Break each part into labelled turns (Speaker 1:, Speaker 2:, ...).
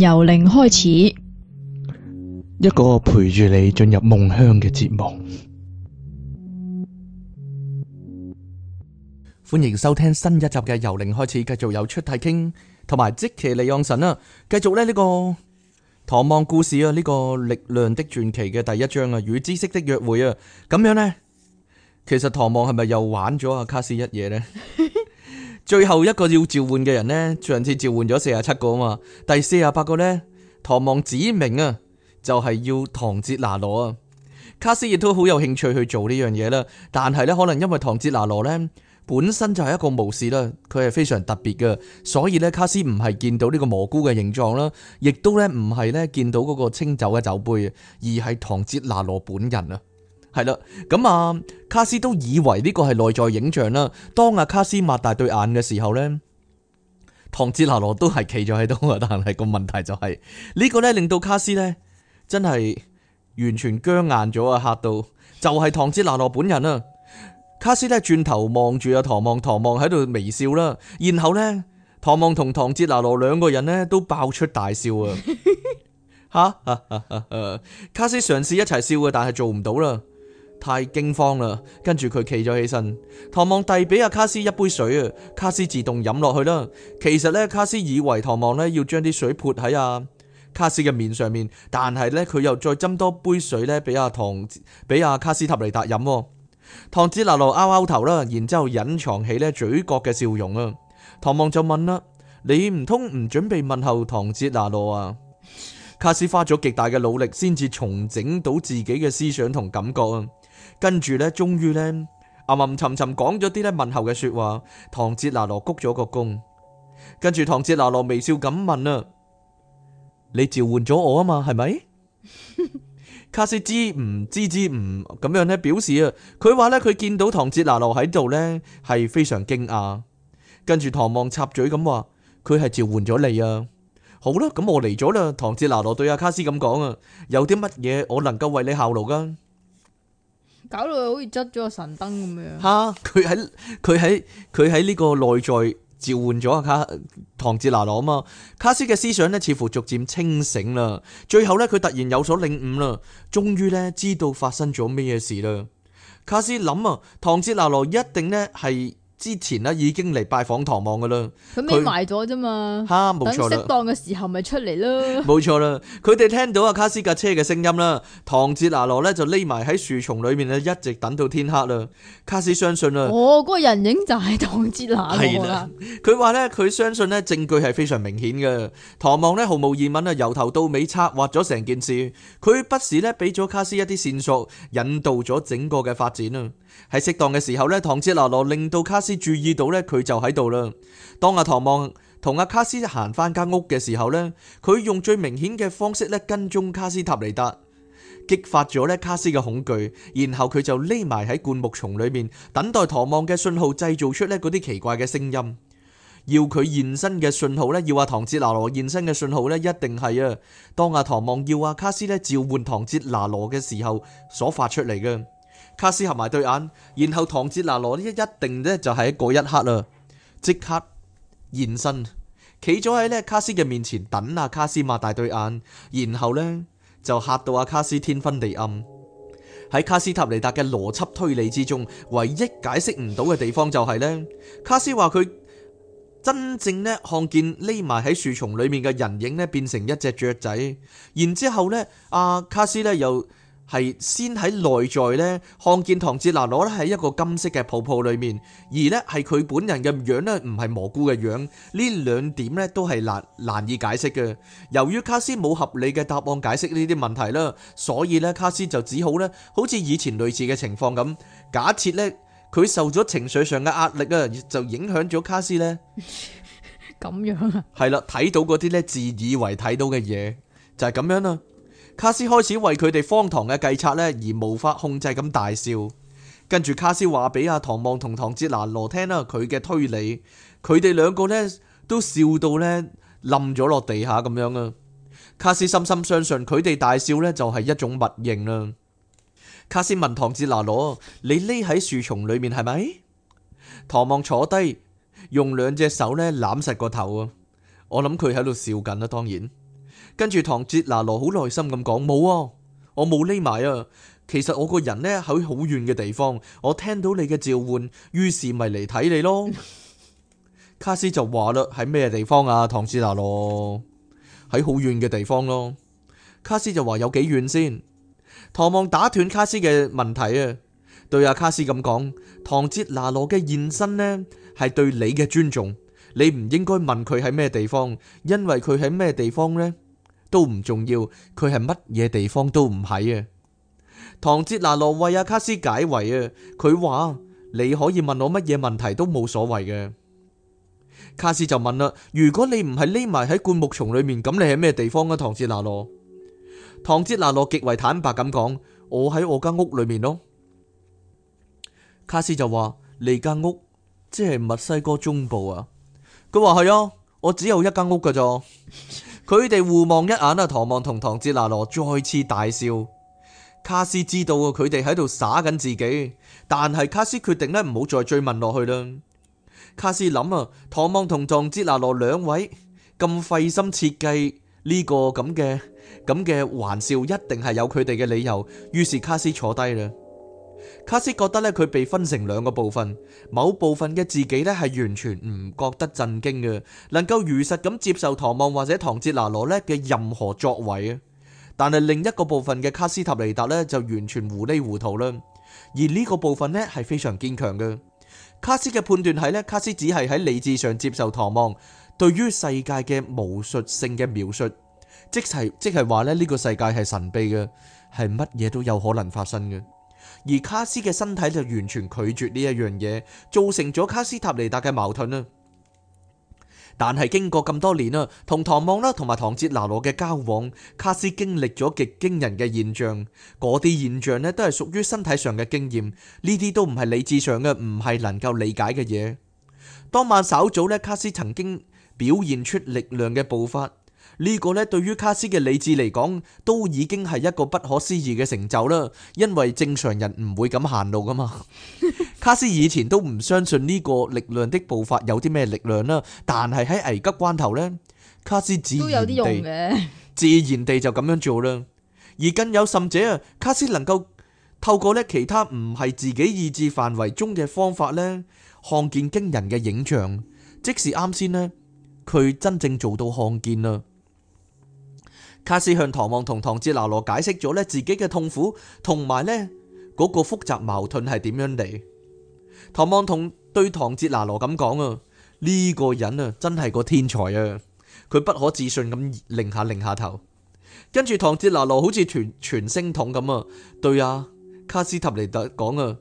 Speaker 1: 由零開
Speaker 2: 始，一個陪住你進入夢鄉嘅節目。歡迎收聽新一集嘅由零開始，繼續有出題傾同埋即奇利用神啊，繼續咧呢個唐望故事啊，呢個力量的傳奇嘅第一章啊，與知識的約會啊，咁樣呢，其實唐望係咪又玩咗阿卡士一嘢呢？ 最後一個要召喚嘅人呢？上次召喚咗四十七個啊嘛，第四十八個呢？唐望子明啊，就係要唐哲拿羅啊。卡斯亦都好有興趣去做呢樣嘢啦，但係呢，可能因為唐哲拿羅呢本身就係一個巫師啦，佢係非常特別嘅，所以呢，卡斯唔係見到呢個蘑菇嘅形狀啦，亦都呢唔係呢見到嗰個清酒嘅酒杯，而係唐哲拿羅本人啊。係啦，咁啊，卡斯都以為呢個係內在影像啦。當阿、啊、卡斯擘大對眼嘅時候咧，唐哲拿羅都係企咗喺度，但係個問題就係、是這個、呢個咧令到卡斯咧真係完全僵硬咗啊！吓到就係、是、唐哲拿羅本人啊！卡斯咧轉頭望住阿唐望，唐望喺度微笑啦。然後咧，唐望同唐哲拿羅兩個人咧都爆出大笑啊！哈， 卡斯嘗試一齊笑嘅，但係做唔到啦。太驚慌啦，跟住佢企咗起身，唐望遞俾阿卡斯一杯水啊，卡斯自動飲落去啦。其實呢，卡斯以為唐望呢要將啲水潑喺阿卡斯嘅面上面，但係呢，佢又再斟多杯水呢俾阿唐俾阿卡斯塔尼達飲，哦。唐哲拿羅拗拗頭啦，然之後隱藏起咧嘴角嘅笑容啊。唐望就問啦：你唔通唔準備問候唐哲拿羅啊？卡斯花咗極大嘅努力先至重整到自己嘅思想同感覺啊。跟住咧，終於咧，暗暗沉沉講咗啲咧問候嘅說話。唐哲拿羅鞠咗個躬，跟住唐哲拿羅微笑咁問啦：你召喚咗我啊嘛，係咪？ 卡斯之唔知之唔咁樣咧表示啊，佢話咧佢見到唐哲拿羅喺度咧係非常驚訝。跟住唐望插嘴咁話：佢係召喚咗你啊。好啦，咁我嚟咗啦。唐哲拿羅對阿、啊、卡斯咁講啊，有啲乜嘢我能夠為你效勞噶？
Speaker 1: 搞到佢好似執咗個神燈咁樣。嚇、
Speaker 2: 啊！佢喺佢喺佢喺呢個內在召喚咗阿卡唐哲拿羅啊嘛。卡斯嘅思想呢，似乎逐漸清醒啦。最後呢，佢突然有所領悟啦，終於呢知道發生咗咩事啦。卡斯諗啊，唐哲拿羅一定呢係。之前咧已經嚟拜訪唐望嘅啦，佢匿埋
Speaker 1: 咗啫嘛，哈他，冇、啊、錯啦。等適當嘅時候咪出嚟咯，
Speaker 2: 冇 錯啦。佢哋聽到阿卡斯架車嘅聲音啦，唐哲拿羅咧就匿埋喺樹叢裏面咧，一直等到天黑啦。卡斯相信啦，我
Speaker 1: 嗰、哦嗰個人影就係唐哲拿羅啦。
Speaker 2: 佢話咧，佢相信咧，證據係非常明顯嘅。唐望咧毫無疑問啊，由頭到尾策劃咗成件事。佢不時咧俾咗卡斯一啲線索，引導咗整個嘅發展啊。喺適當嘅時候咧，唐哲拿羅令到卡斯。注意到咧，佢就喺度啦。當阿唐望同阿卡斯行翻間屋嘅時候呢，佢用最明顯嘅方式咧跟蹤卡斯塔尼達，激發咗咧卡斯嘅恐懼。然後佢就匿埋喺灌木叢裏面，等待唐望嘅信、信號，製造出呢嗰啲奇怪嘅聲音，要佢現身嘅信號呢，要阿唐哲拿羅現身嘅信號呢，一定係啊。當阿唐望要阿卡斯咧召喚唐哲拿羅嘅時候所發出嚟嘅。卡斯合埋對眼，然後唐哲拿羅一一定咧就喺嗰一刻啦，即刻現身，企咗喺咧卡斯嘅面前等啊。卡斯擘大對眼，然後呢就嚇到阿卡斯天昏地暗。喺卡斯塔尼達嘅邏輯推理之中，唯一解釋唔到嘅地方就係呢，卡斯話佢真正呢，看見匿埋喺樹叢裏面嘅人影咧變成一隻雀仔，然之後咧阿、啊、卡斯咧又。係先喺內在呢，看見唐哲娜攞咧喺一個金色嘅泡泡裏面，而呢係佢本人嘅樣呢唔係蘑菇嘅樣，呢兩點呢都係難難以解釋嘅。由於卡斯冇合理嘅答案解釋呢啲問題啦，所以呢卡斯就只好呢好似以前類似嘅情況咁，假設呢，佢受咗情緒上嘅壓力啊，就影響咗卡斯呢。
Speaker 1: 咁樣
Speaker 2: 啊？係啦，睇到嗰啲呢，自以為睇到嘅嘢就係、是、咁樣啦。卡斯開始為佢哋荒唐嘅計策呢而無法控制咁大笑，跟住卡斯話俾阿唐望同唐哲拿羅聽啦，佢嘅推理，佢哋兩個呢都笑到呢冧咗落地下咁樣啊！卡斯深深相信佢哋大笑呢就係一種默認啦。卡斯問唐哲拿羅：你匿喺樹叢裏面係咪？唐望坐低，用兩隻手呢攬實個頭啊！我諗佢喺度笑緊啦，當然。跟住唐哲拿羅好耐心咁講，冇啊，我冇匿埋啊，其實我個人呢喺好遠嘅地方，我聽到你嘅召喚，於是咪嚟睇你咯。 卡斯就話啦，喺咩地方啊？唐哲拿羅，喺好遠嘅地方咯。卡斯就話有幾遠先？唐望打斷卡斯嘅問題啊，對阿、啊、卡斯咁講，唐哲拿羅嘅現身呢係對你嘅尊重，你唔應該問佢喺咩地方，因為佢喺咩地方呢？都唔重要，佢係乜嘢地方都唔喺啊！唐哲拿羅為阿卡斯解圍啊！佢話：你可以問我乜嘢問題都冇所謂嘅。卡斯就問啦：如果你唔係匿埋喺灌木叢裏面，咁你喺咩地方啊？唐哲拿羅，唐哲拿羅極為坦白咁講：我喺我間屋裏面咯。卡斯就話：你間屋即係墨西哥中部啊！佢話：係啊，我只有一間屋噶咋。佢哋互望一眼啊，唐望同唐哲拿羅再次大笑。卡斯知道佢哋喺度耍緊自己，但係卡斯決定咧唔好再追問落去啦。卡斯諗啊，唐望同唐哲拿羅兩位咁費心設計呢個咁嘅咁嘅玩笑，一定係有佢哋嘅理由。於是卡斯坐低啦。卡斯覺得咧，佢被分成兩個部分，某部分嘅自己咧係完全唔覺得震驚嘅，能夠如實咁接受唐望或者唐哲拿羅咧嘅任何作為啊。但係另一個部分嘅卡斯塔尼達咧就完全糊裏糊塗啦。而呢個部分呢，係非常堅強嘅。卡斯嘅判斷係咧，卡斯只係喺理智上接受唐望對於世界嘅巫術性嘅描述，即係即係話咧呢個世界係神秘嘅，係乜嘢都有可能發生嘅。而卡斯嘅身體就完全拒絕呢一樣嘢，造成咗卡斯塔尼達嘅矛盾啦。但係經過咁多年啦，同唐望啦，同埋唐哲拿羅嘅交往，卡斯經歷咗極驚人嘅現象，嗰啲現象咧都係屬於身體上嘅經驗，呢啲都唔係理智上嘅，唔係能夠理解嘅嘢。當晚稍早咧，卡斯曾經表現出力量嘅步伐。呢個咧對於卡斯嘅理智嚟講，都已經係一個不可思議嘅成就啦。因為正常人唔會咁行路噶嘛。卡斯以前都唔相信呢個力量的步伐有啲咩力量啦。但係喺危急關頭咧，卡斯自然地自然地就咁樣做啦。而更有甚者啊，卡斯能夠透過咧其他唔係自己意志範圍中嘅方法咧，看見驚人嘅影像，即使啱先咧，佢真正做到看見啦。卡斯向唐望同唐哲拿羅解釋咗咧自己嘅痛苦，同埋咧嗰個複雜矛盾係點樣嚟。唐望同對唐哲拿羅咁講啊，呢個人啊真係個天才啊！佢不可置信咁擰下擰下頭，跟住唐哲拿羅好似傳傳聲筒咁啊！對啊，卡斯塔尼特講啊，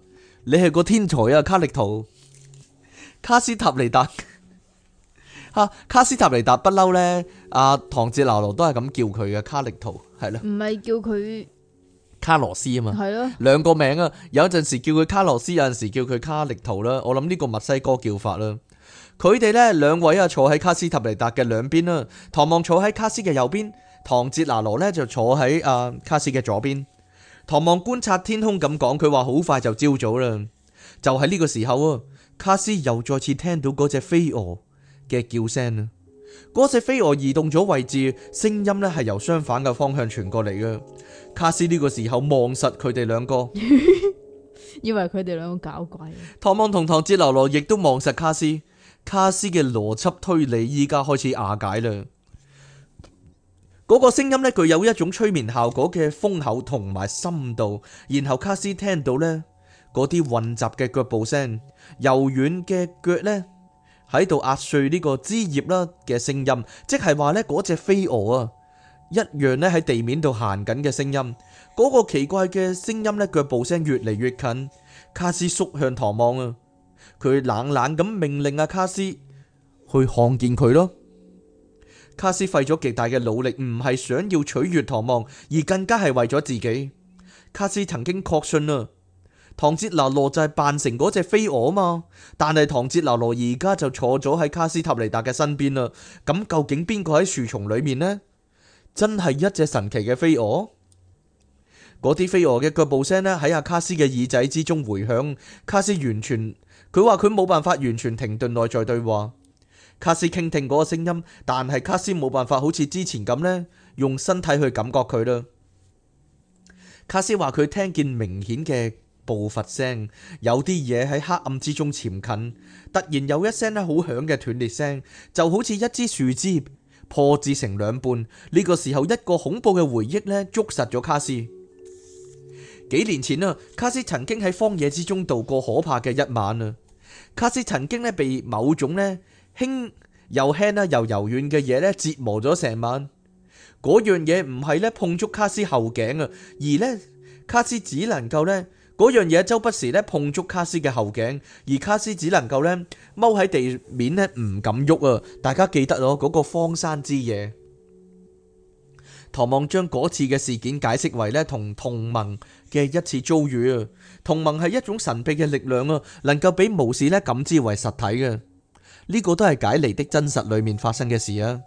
Speaker 2: 你係個天才啊，卡力圖卡斯塔尼特。哈！卡斯塔尼達不嬲呢？阿、啊、唐哲拿羅都係咁叫佢嘅卡力圖，係咯？唔係叫佢卡羅斯啊嘛，係咯的？兩個名啊，有陣時叫佢卡羅斯，有陣時叫佢卡力圖啦。我諗呢個墨西哥叫法啦。佢哋呢兩位啊坐喺卡斯塔尼達嘅兩邊啦。唐望坐喺卡斯嘅右邊，唐哲拿羅呢就坐喺阿、啊、卡斯嘅左邊。唐望觀察天空咁講，佢話好快就朝早啦。就喺呢個時候，啊，卡斯又再次聽到嗰隻飛蛾嘅叫聲啦，嗰隻飛蛾移動咗位置，聲音咧，係由相反嘅方向傳過嚟嘅。卡斯呢個時候望實佢哋兩個，
Speaker 1: 以為佢哋兩個搞鬼。
Speaker 2: 唐望同唐哲拿羅亦都望實卡斯，卡斯嘅邏輯推理依家開始瓦解啦。嗰個聲音咧，具有一種催眠效果嘅風口同埋深度，然後卡斯聽到呢嗰啲混雜嘅腳步聲，柔軟嘅腳呢，喺度壓碎呢個枝葉啦嘅聲音，即係話呢嗰隻飛蛾啊，一樣呢喺地面度行緊嘅聲音。嗰個奇怪嘅聲音呢，腳步聲越嚟越近。卡斯縮向唐望啊，佢冷冷咁命令阿卡斯去看見佢咯。卡斯費咗極大嘅努力，唔係想要取悅唐望，而更加係為咗自己。卡斯曾經確信啊。唐哲拿羅就係扮成嗰隻飛蛾嘛，但係唐哲拿羅而家就坐咗喺卡斯塔尼達嘅身邊啦。咁究竟邊個喺樹叢裏面呢？真係一隻神奇嘅飛蛾？嗰啲飛蛾嘅腳步聲呢喺阿卡斯嘅耳仔之中回響。卡斯完全，佢話佢冇辦法完全停頓內在對話。卡斯傾聽嗰個聲音，但係卡斯冇辦法好似之前咁呢，用身體去感覺佢啦。卡斯話佢聽見明顯嘅。步伐聲，有啲嘢喺黑暗之中潛近，突然有一聲咧好響嘅斷裂聲，就好似一支樹枝破折成兩半。呢、這個時候，一個恐怖嘅回憶咧捉實咗卡斯。幾年前啊，卡斯曾經喺荒野之中度過可怕嘅一晚啊。卡斯曾經咧被某種咧輕又輕啦又柔軟嘅嘢咧折磨咗成晚。嗰樣嘢唔係咧碰觸卡斯後頸啊，而呢卡斯只能夠咧。嗰樣嘢周不時咧碰觸卡斯嘅後頸，而卡斯只能夠咧踎喺地面咧唔敢喐啊！大家記得咯，嗰個荒山之夜，唐望將嗰次嘅事件解釋為咧同同盟嘅一次遭遇啊！同盟係一種神秘嘅力量啊，能夠俾巫師咧感知為實體嘅呢個都係解離的真實裏面發生嘅事啊！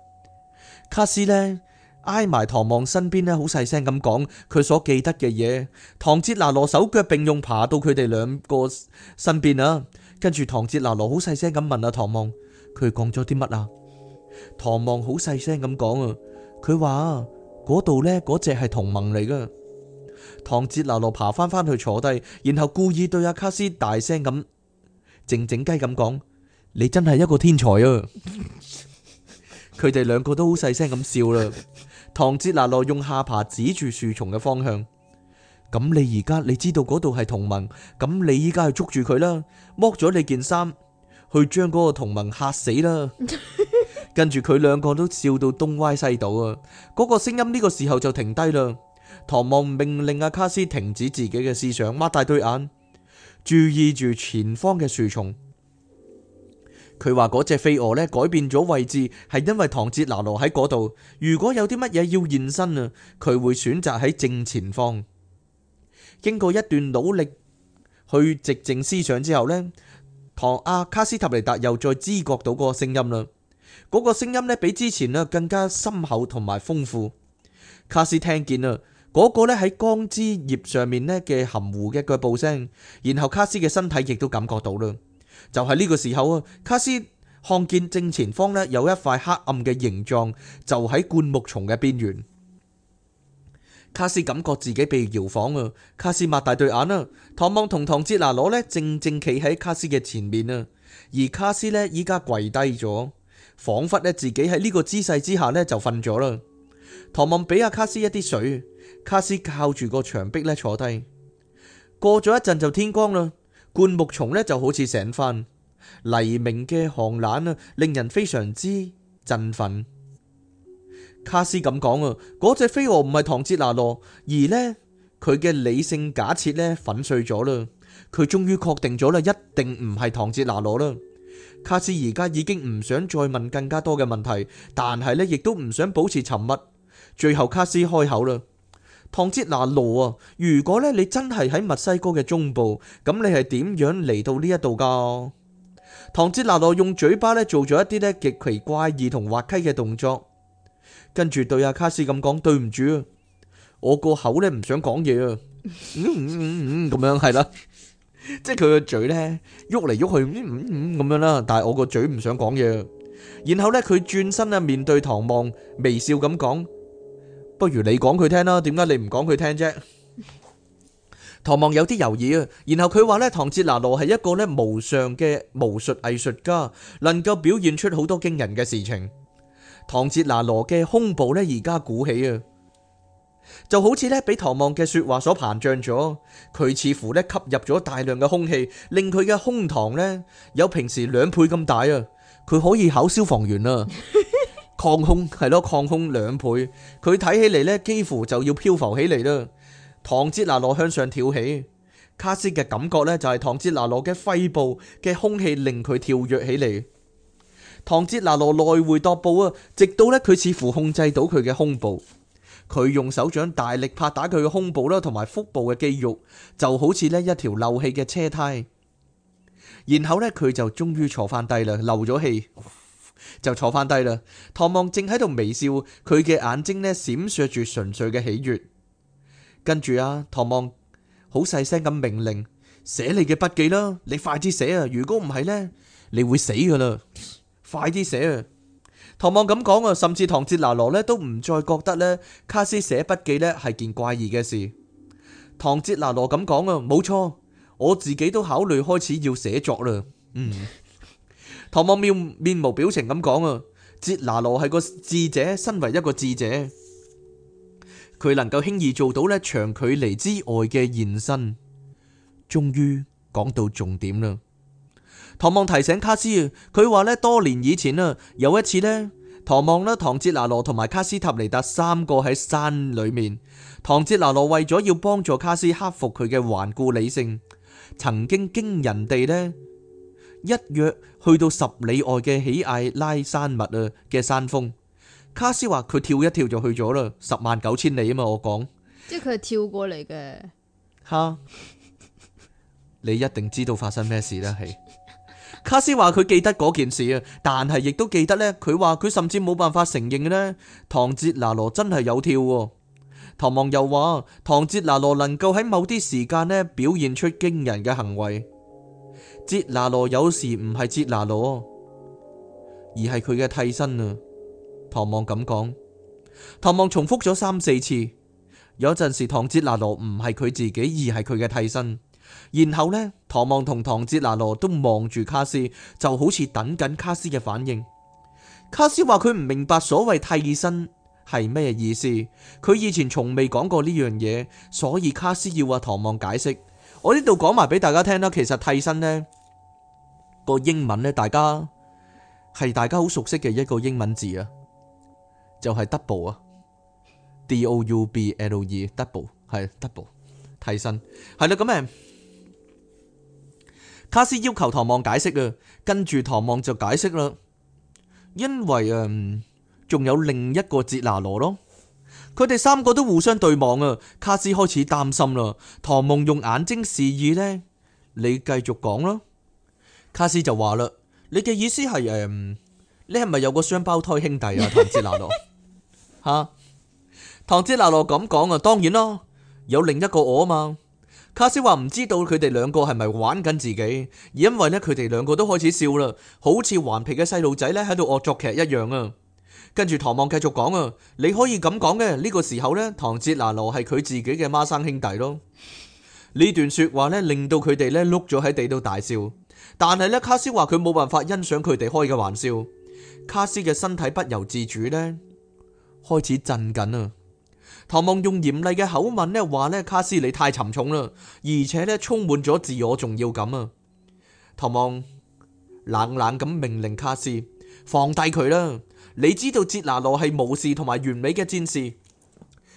Speaker 2: 卡斯呢。挨埋唐望身邊咧，好細聲咁講佢所記得嘅嘢。唐哲拿羅手腳並用爬到佢哋兩個身邊啊。跟住唐哲拿羅好細聲咁問阿、啊、唐望，佢講咗啲乜啊？唐望好細聲咁講啊，佢話嗰度呢，嗰隻係同盟嚟噶。唐哲拿羅爬翻翻去坐低，然後故意對阿卡斯大聲咁，靜靜雞咁講：你真係一個天才啊！佢哋兩個都好細聲咁笑啦。唐哲拿羅用下巴指住樹叢嘅方向，咁你而家你知道嗰度係同盟，咁你依家去捉住佢啦，剝咗你件衫，去將嗰個同盟嚇死啦。 跟住佢兩個都笑到東歪西倒啊！嗰、嗰個聲音呢個時候就停低啦。唐望命令阿卡斯停止自己嘅思想，擘大對眼，注意住前方嘅樹叢。佢話嗰隻飛蛾咧改變咗位置，係因為唐哲拿羅喺嗰度。如果有啲乜嘢要現身啊，佢會選擇喺正前方。經過一段努力去寂靜思想之後咧，唐阿卡斯塔尼達又再知覺到個聲音啦。嗰、那個聲音咧比之前咧更加深厚同埋豐富。卡斯聽見啦，嗰、那個咧喺光之葉上面咧嘅含糊嘅腳步聲，然後卡斯嘅身體亦都感覺到啦。就係呢個時候啊，卡斯看見正前方咧有一塊黑暗嘅形狀，就喺灌木叢嘅邊緣。卡斯感覺自己被搖晃啊！卡斯擘大對眼啊！唐望同唐哲拿羅咧正正企喺卡斯嘅前面啊，而卡斯呢，依家跪低咗，仿佛咧自己喺呢個姿勢之下咧就瞓咗啦。唐望俾阿卡斯一啲水，卡斯靠住個牆壁咧坐低。過咗一陣就天光啦。灌木叢呢就好似醒番黎明嘅寒冷啊，令人非常之振奮。卡斯咁講啊，嗰隻飛蛾唔係唐哲拿羅，而呢，佢嘅理性假設呢粉碎咗啦。佢終於確定咗啦，一定唔係唐哲拿羅啦。卡斯而家已經唔想再問更加多嘅問題，但係呢亦都唔想保持沉默。最後卡斯開口啦。唐哲拿羅啊，如果咧你真係喺墨西哥嘅中部，咁你係點樣嚟到呢一度噶？唐哲拿羅用嘴巴咧做咗一啲咧極其怪異同滑稽嘅動作，跟住對阿卡斯咁講：對唔住啊，我個口咧唔想講嘢啊，嗯嗯嗯嗯咁樣係啦，即係佢個嘴咧喐嚟喐去，嗯嗯咁樣啦。但係我個嘴唔想講嘢。然後咧佢轉身啊，面對唐望微笑咁講。不如你講佢聽啦，點解你唔講佢聽啫？唐望有啲猶豫啊，然後佢話咧，唐哲拿羅係一個咧無上嘅巫術藝術家，能夠表現出好多驚人嘅事情。唐哲拿羅嘅胸部咧而家鼓起啊，就好似咧俾唐望嘅說話所膨脹咗，佢似乎咧吸入咗大量嘅空氣，令佢嘅胸膛咧有平時兩倍咁大啊！佢可以考消防員啊。抗空係咯，抗空兩倍，佢睇起嚟呢，幾乎就要漂浮起嚟啦。唐哲拿羅向上跳起，卡斯嘅感覺呢就係唐哲拿羅嘅肺部嘅空氣令佢跳躍起嚟。唐哲拿羅來回踱步啊，直到呢佢似乎控制到佢嘅胸部，佢用手掌大力拍打佢嘅胸部啦，同埋腹部嘅肌肉，就好似呢一條漏氣嘅車胎。然後呢佢就終於坐翻低啦，漏咗氣。就坐翻低啦。唐望正喺度微笑，佢嘅眼睛呢閃爍住純粹嘅喜悦。跟住啊，唐望好細聲咁命令，寫你嘅筆記啦，你快啲寫啊！如果唔係呢，你會死噶啦！快啲寫啊！唐望咁講啊，甚至唐哲拿羅呢都唔再覺得呢卡斯寫筆記呢係件怪異嘅事。唐哲拿羅咁講啊，冇錯，我自己都考慮開始要寫作啦。嗯。唐望面面無表情咁講啊，哲拿羅係個智者，身為一個智者，佢能夠輕易做到呢長距離之外嘅現身。終於講到重點啦，唐望提醒卡斯，佢話呢，多年以前啊，有一次呢，唐望啦、唐哲拿羅同埋卡斯塔尼達三個喺山裏面，唐哲拿羅為咗要幫助卡斯克服佢嘅頑固理性，曾經驚人地呢。一約去到十里外嘅喜艾拉山脈啊嘅山峰，卡斯話佢跳一跳就去咗啦，十萬九千里啊嘛，我講，
Speaker 1: 即係佢係跳過嚟嘅。
Speaker 2: 哈， 你一定知道發生咩事啦？係 卡斯話佢記得嗰件事啊，但係亦都記得呢。佢話佢甚至冇辦法承認呢。唐哲拿羅真係有跳。唐望又話唐哲拿羅能夠喺某啲時間呢表現出驚人嘅行為。哲拿羅有時唔係哲拿羅，而係佢嘅替身啊！唐望咁講，唐望重複咗三四次。有陣時唐哲拿羅唔係佢自己，而係佢嘅替身。然後呢，唐望同唐哲拿羅都望住卡斯，就好似等緊卡斯嘅反應。卡斯話佢唔明白所謂替身係咩意思，佢以前從未講過呢樣嘢，所以卡斯要阿唐望解釋。我呢度講埋俾大家聽啦，其實替身呢個英文呢，大家係大家好熟悉嘅一個英文字啊，就係 double 啊，d o u b l e，double 係 double 替身係啦咁啊。卡斯要求唐望解釋啊，跟住唐望就解釋啦，因為啊，仲有另一個哲拿羅咯。佢哋三個都互相對望啊！卡斯開始擔心啦。唐望用眼睛示意呢，你繼續講啦。卡斯就話啦：你嘅意思係誒、嗯，你係咪有個雙胞胎兄弟啊？唐哲拿羅吓，唐哲拿羅咁講啊，當然啦，有另一個我啊嘛。卡斯話唔知道佢哋兩個係咪玩緊自己，而因為呢，佢哋兩個都開始笑啦，好似頑皮嘅細路仔呢喺度惡作劇一樣啊！跟住唐望繼續講啊，你可以咁講嘅，呢個時候呢，唐哲拿羅係佢自己嘅孖生兄弟咯。呢段說話呢，令到佢哋呢碌咗喺地度大笑。但係呢，卡斯話佢冇辦法欣賞佢哋開嘅玩笑。卡斯嘅身體不由自主呢開始震緊啊。唐望用嚴厲嘅口吻呢話呢：「卡斯你太沉重啦，而且呢充滿咗自我重要感啊。」唐望冷冷咁命令卡斯放低佢啦。你知道哲拿羅係無事同埋完美嘅戰士，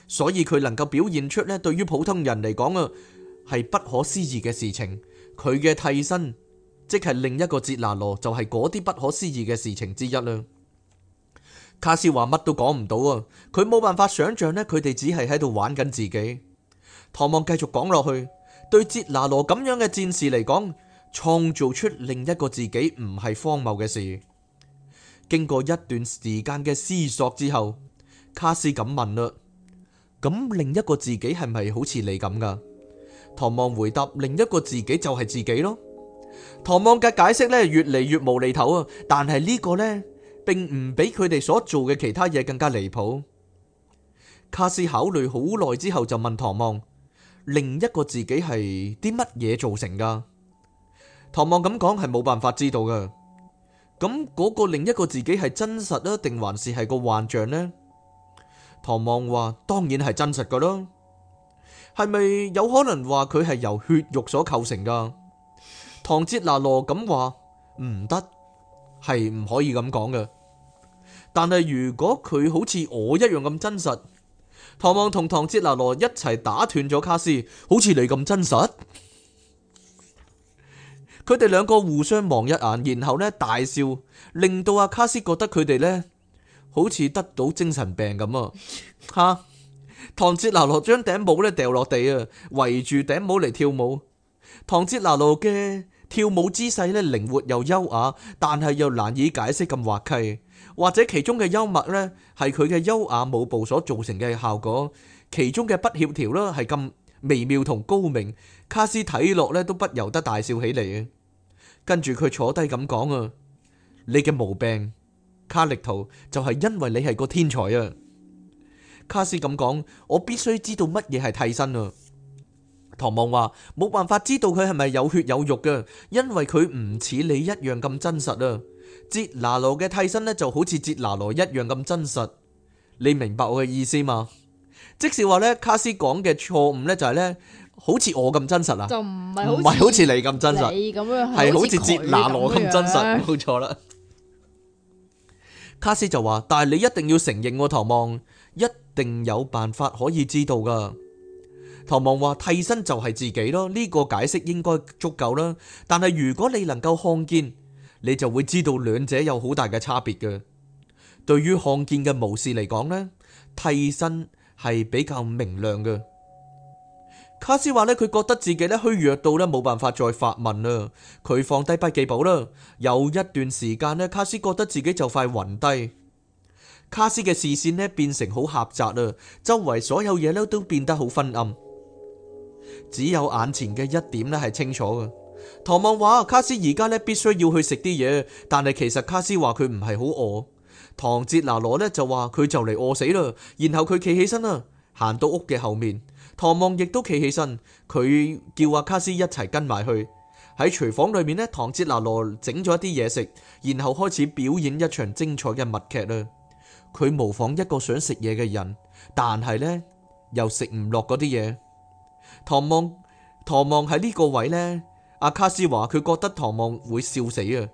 Speaker 2: 所以佢能夠表現出咧，對於普通人嚟講啊係不可思議嘅事情。佢嘅替身即係另一個哲拿羅，就係嗰啲不可思議嘅事情之一啦。卡斯話乜都講唔到啊，佢冇辦法想象呢，佢哋只係喺度玩緊自己。唐望繼續講落去，對哲拿羅咁樣嘅戰士嚟講，創造出另一個自己唔係荒謬嘅事。經過一段時間嘅思索之後，卡斯咁問嘞：啊「咁、嗯、另一個自己係咪好似你咁噶？唐望回答：另一個自己就係自己咯。唐望嘅解釋呢越嚟越無厘頭啊！但係呢個呢並唔比佢哋所做嘅其他嘢更加離譜。卡斯考慮好耐之後就問唐望：另一個自己係啲乜嘢造成噶？唐望咁講，係冇辦法知道噶。咁嗰個另一個自己係真實啊，定還是係個幻象呢？唐望話：當然係真實噶囉。係咪有可能話佢係由血肉所構成噶？唐哲拿羅咁話：唔得，係唔可以咁講嘅。但係如果佢好似我一樣咁真實，唐望同唐哲拿羅一齊打斷咗卡斯，好似你咁真實。佢哋兩個互相望一眼，然後咧大笑，令到阿卡斯覺得佢哋咧好似得到精神病咁啊！哈！唐哲拿羅將頂帽咧掉落地啊，圍住頂帽嚟跳舞。唐哲拿羅嘅跳舞姿勢咧靈活又優雅，但係又難以解釋咁滑稽。或者其中嘅幽默咧係佢嘅優雅舞步所造成嘅效果，其中嘅不協調啦係咁微妙同高明。卡斯睇落咧都不由得大笑起嚟啊！跟住佢坐低咁講啊，你嘅毛病卡力圖就係、是、因為你係個天才啊。卡斯咁講，我必須知道乜嘢係替身啊。唐望話冇辦法知道佢係咪有血有肉嘅，因為佢唔似你一樣咁真實啊。哲拿羅嘅替身呢就好似哲拿羅一樣咁真實。你明白我嘅意思嗎？即是話呢，卡斯講嘅錯誤呢就係、是、呢。好似我咁真實啊？就
Speaker 1: 唔係，唔係好似你咁真實，係好似哲拿羅咁真實，
Speaker 2: 冇錯啦。卡斯就話：但係你一定要承認我，唐望一定有辦法可以知道噶。唐望話：替身就係自己咯，呢個解釋應該足夠啦。但係如果你能夠看見，你就會知道兩者有好大嘅差別嘅。對於看見嘅模式嚟講呢，替身係比較明亮嘅。卡斯話呢，佢覺得自己咧虛弱到咧冇辦法再發問啦，佢放低筆記簿啦。有一段時間咧，卡斯覺得自己就快暈低。卡斯嘅視線咧變成好狹窄啦，周圍所有嘢咧都變得好昏暗，只有眼前嘅一點咧係清楚嘅。唐望話：卡斯而家咧必須要去食啲嘢，但係其實卡斯話佢唔係好餓。唐哲拿羅呢就話佢就嚟餓死啦，然後佢企起身啦，行到屋嘅後面。唐望亦都企起身，佢叫阿卡斯一齊跟埋去喺廚房裏面呢，唐哲拿羅整咗一啲嘢食，然後開始表演一場精彩嘅默劇啦。佢模仿一個想食嘢嘅人，但係呢又食唔落嗰啲嘢。唐望，唐望喺呢個位呢，阿卡斯話佢覺得唐望會笑死啊。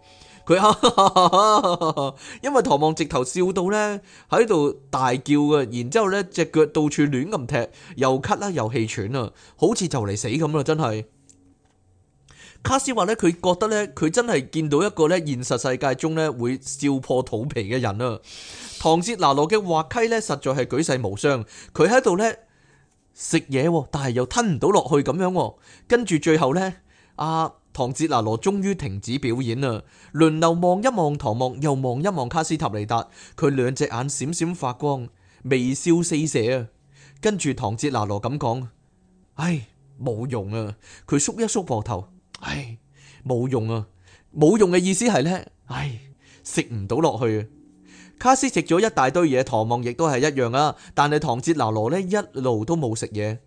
Speaker 2: 佢啊， 因為唐望直頭笑到呢，喺度大叫啊，然之後咧，隻腳到處亂咁踢，又咳啦又氣喘啊，好似就嚟死咁啦，真係。卡斯話呢，佢覺得呢，佢真係見到一個呢現實世界中呢會笑破肚皮嘅人啊。唐哲拿羅嘅滑稽呢，實在係舉世無雙。佢喺度呢，食嘢，但係又吞唔到落去咁樣。跟住最後呢。阿、啊。唐哲拿羅終於停止表演啦，輪流望一望唐望，又望一望卡斯塔尼達，佢兩隻眼閃閃發光，微笑四射啊！跟住唐哲拿羅咁講：，唉，冇用啊！佢縮一縮膊頭，唉，冇用啊！冇用嘅意思係呢？唉，食唔到落去啊！卡斯食咗一大堆嘢，唐望亦都係一樣啊，但係唐哲拿羅呢，一路都冇食嘢，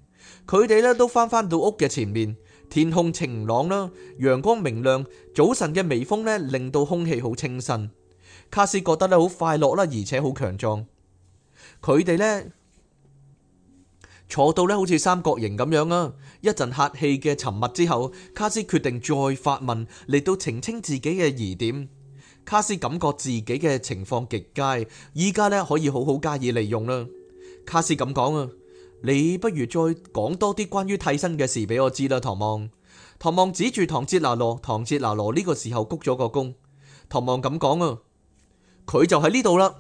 Speaker 2: 佢哋呢都翻返到屋嘅前面。天空晴朗啦，陽光明亮，早晨嘅微風呢，令到空氣好清新。卡斯覺得呢好快樂啦，而且好強壯。佢哋呢坐到呢好似三角形咁樣啊。一陣客氣嘅沉默之後，卡斯決定再發問嚟到澄清自己嘅疑點。卡斯感覺自己嘅情況極佳，依家呢可以好好加以利用啦。卡斯咁講啊。你不如再講多啲關於替身嘅事俾我知啦，唐望。唐望指住唐哲拿羅，唐哲拿羅呢個時候鞠咗個躬。唐望咁講啊，佢就喺呢度啦，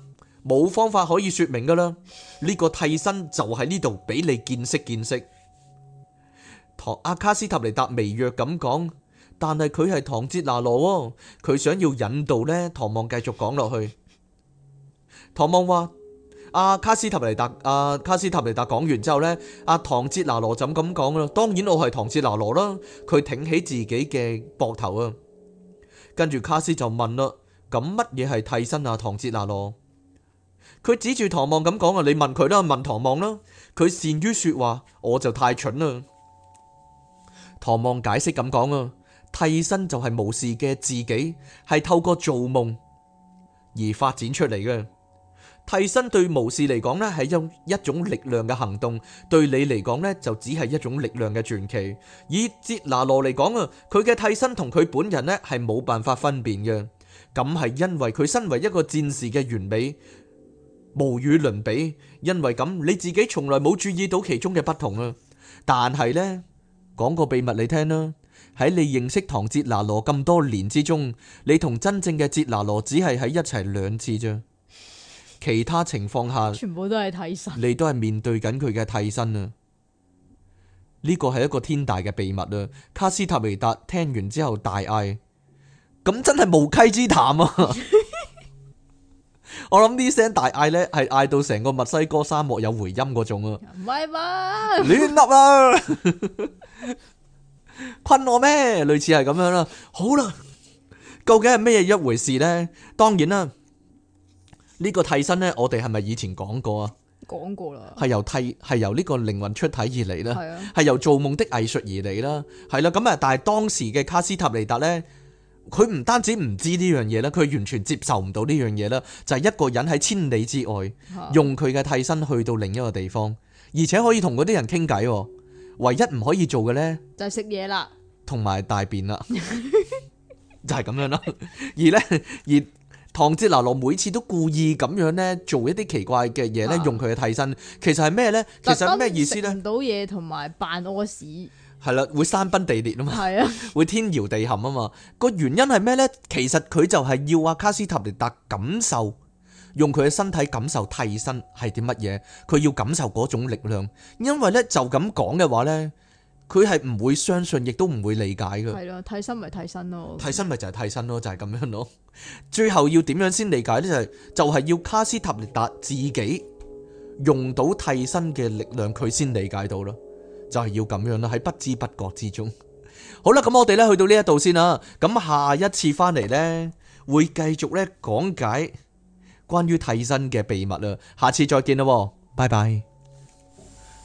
Speaker 2: 冇方法可以說明噶啦。呢個替身就喺呢度，俾你見識見識。唐阿卡斯塔尼達微弱咁講，但係佢係唐哲拿羅，佢想要引導呢。唐望繼續講落去。唐望話。阿、啊、卡斯塔尼達，阿、啊、卡斯塔尼達講完之後呢，阿、啊、唐哲拿羅咁講咯。當然我係唐哲拿羅啦，佢挺起自己嘅膊頭啊。跟住卡斯就問啦，咁乜嘢係替身啊？唐哲拿羅，佢指住唐望咁講啊，你問佢啦，問唐望啦。佢善於說話，我就太蠢啦。唐望解釋咁講啊，替身就係無事嘅自己，係透過做夢而發展出嚟嘅。替身對巫士嚟講咧係有一種力量嘅行動，對你嚟講咧就只係一種力量嘅傳奇。以哲拿羅嚟講啊，佢嘅替身同佢本人咧係冇辦法分辨嘅。咁係因為佢身為一個戰士嘅完美，無與倫比。因為咁你自己從來冇注意到其中嘅不同啊。但係咧，講個秘密你聽啦。喺你認識唐哲拿羅咁多年之中，你同真正嘅哲拿羅只係喺一齊兩次啫。其他情況下，全
Speaker 1: 部都係替身，你
Speaker 2: 都係面對緊佢嘅替身啊！呢個係一個天大嘅秘密啊！卡斯塔維達聽完之後大嗌：咁真係無稽之談啊！我諗呢聲大嗌咧，係嗌到成個墨西哥沙漠有回音嗰種啊！
Speaker 1: 唔係嘛？亂凹啊！
Speaker 2: 困我咩？類似係咁樣啦。好啦，究竟係咩嘢一回事咧？當然啦。呢個替身呢，我哋係咪以前講過啊？
Speaker 1: 講過啦，
Speaker 2: 係由替係由呢個靈魂出體而嚟啦，係、啊、係由做夢的藝術而嚟啦，係啦。咁啊，但係當時嘅卡斯塔尼達呢，佢唔單止唔知呢樣嘢啦，佢完全接受唔到呢樣嘢啦，就係、是、一個人喺千里之外，啊、用佢嘅替身去到另一個地方，而且可以同嗰啲人傾偈。唯一唔可以做嘅呢，
Speaker 1: 就係食嘢啦，
Speaker 2: 同埋大便啦， 就係咁樣咯。而呢……而。而 唐哲拿羅每次都故意咁樣咧，做一啲奇怪嘅嘢咧，啊、用佢嘅替身，其實係咩咧？其實咩意思咧？食
Speaker 1: 唔到嘢同埋扮屙屎，
Speaker 2: 係啦，會山崩地裂啊嘛，係啊，會天搖地陷啊嘛。個原因係咩咧？其實佢就係要阿卡斯塔尼達感受，用佢嘅身體感受替身係啲乜嘢，佢要感受嗰種力量，因為咧就咁講嘅話咧。佢係唔會相信，亦都唔會理解噶。係
Speaker 1: 咯，替身咪替身咯。替
Speaker 2: 身咪就係替身咯，就係咁樣咯。 最後要點樣先理解呢？就係就係要卡斯塔列達自己用到替身嘅力量，佢先理解到啦。就係要咁樣啦，喺不知不覺之中。 好啦，咁我哋咧去到呢一度先啦。咁下一次翻嚟呢，會繼續咧講解關於替身嘅秘密啦。下次再見啦，拜拜。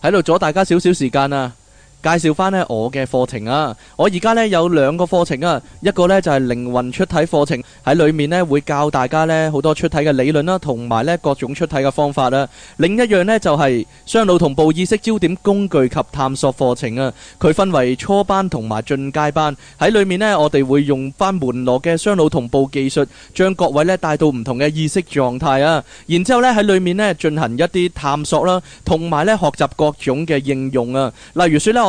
Speaker 2: 喺度阻大家少少時間啊！介紹翻咧我嘅課程啊！我而家咧有兩個課程啊，一個咧就係靈魂出體課程，喺裏面咧會教大家咧好多出體嘅理論啦，同埋咧各種出體嘅方法啦，另一樣咧就係雙腦同步意識焦點工具及探索課程啊。佢分為初班同埋進階班，喺裏面咧我哋會用翻門羅嘅雙腦同步技術，將各位咧帶到唔同嘅意識狀態啊。然之後咧喺裏面咧進行一啲探索啦，同埋咧學習各種嘅應用啊。例如說咧。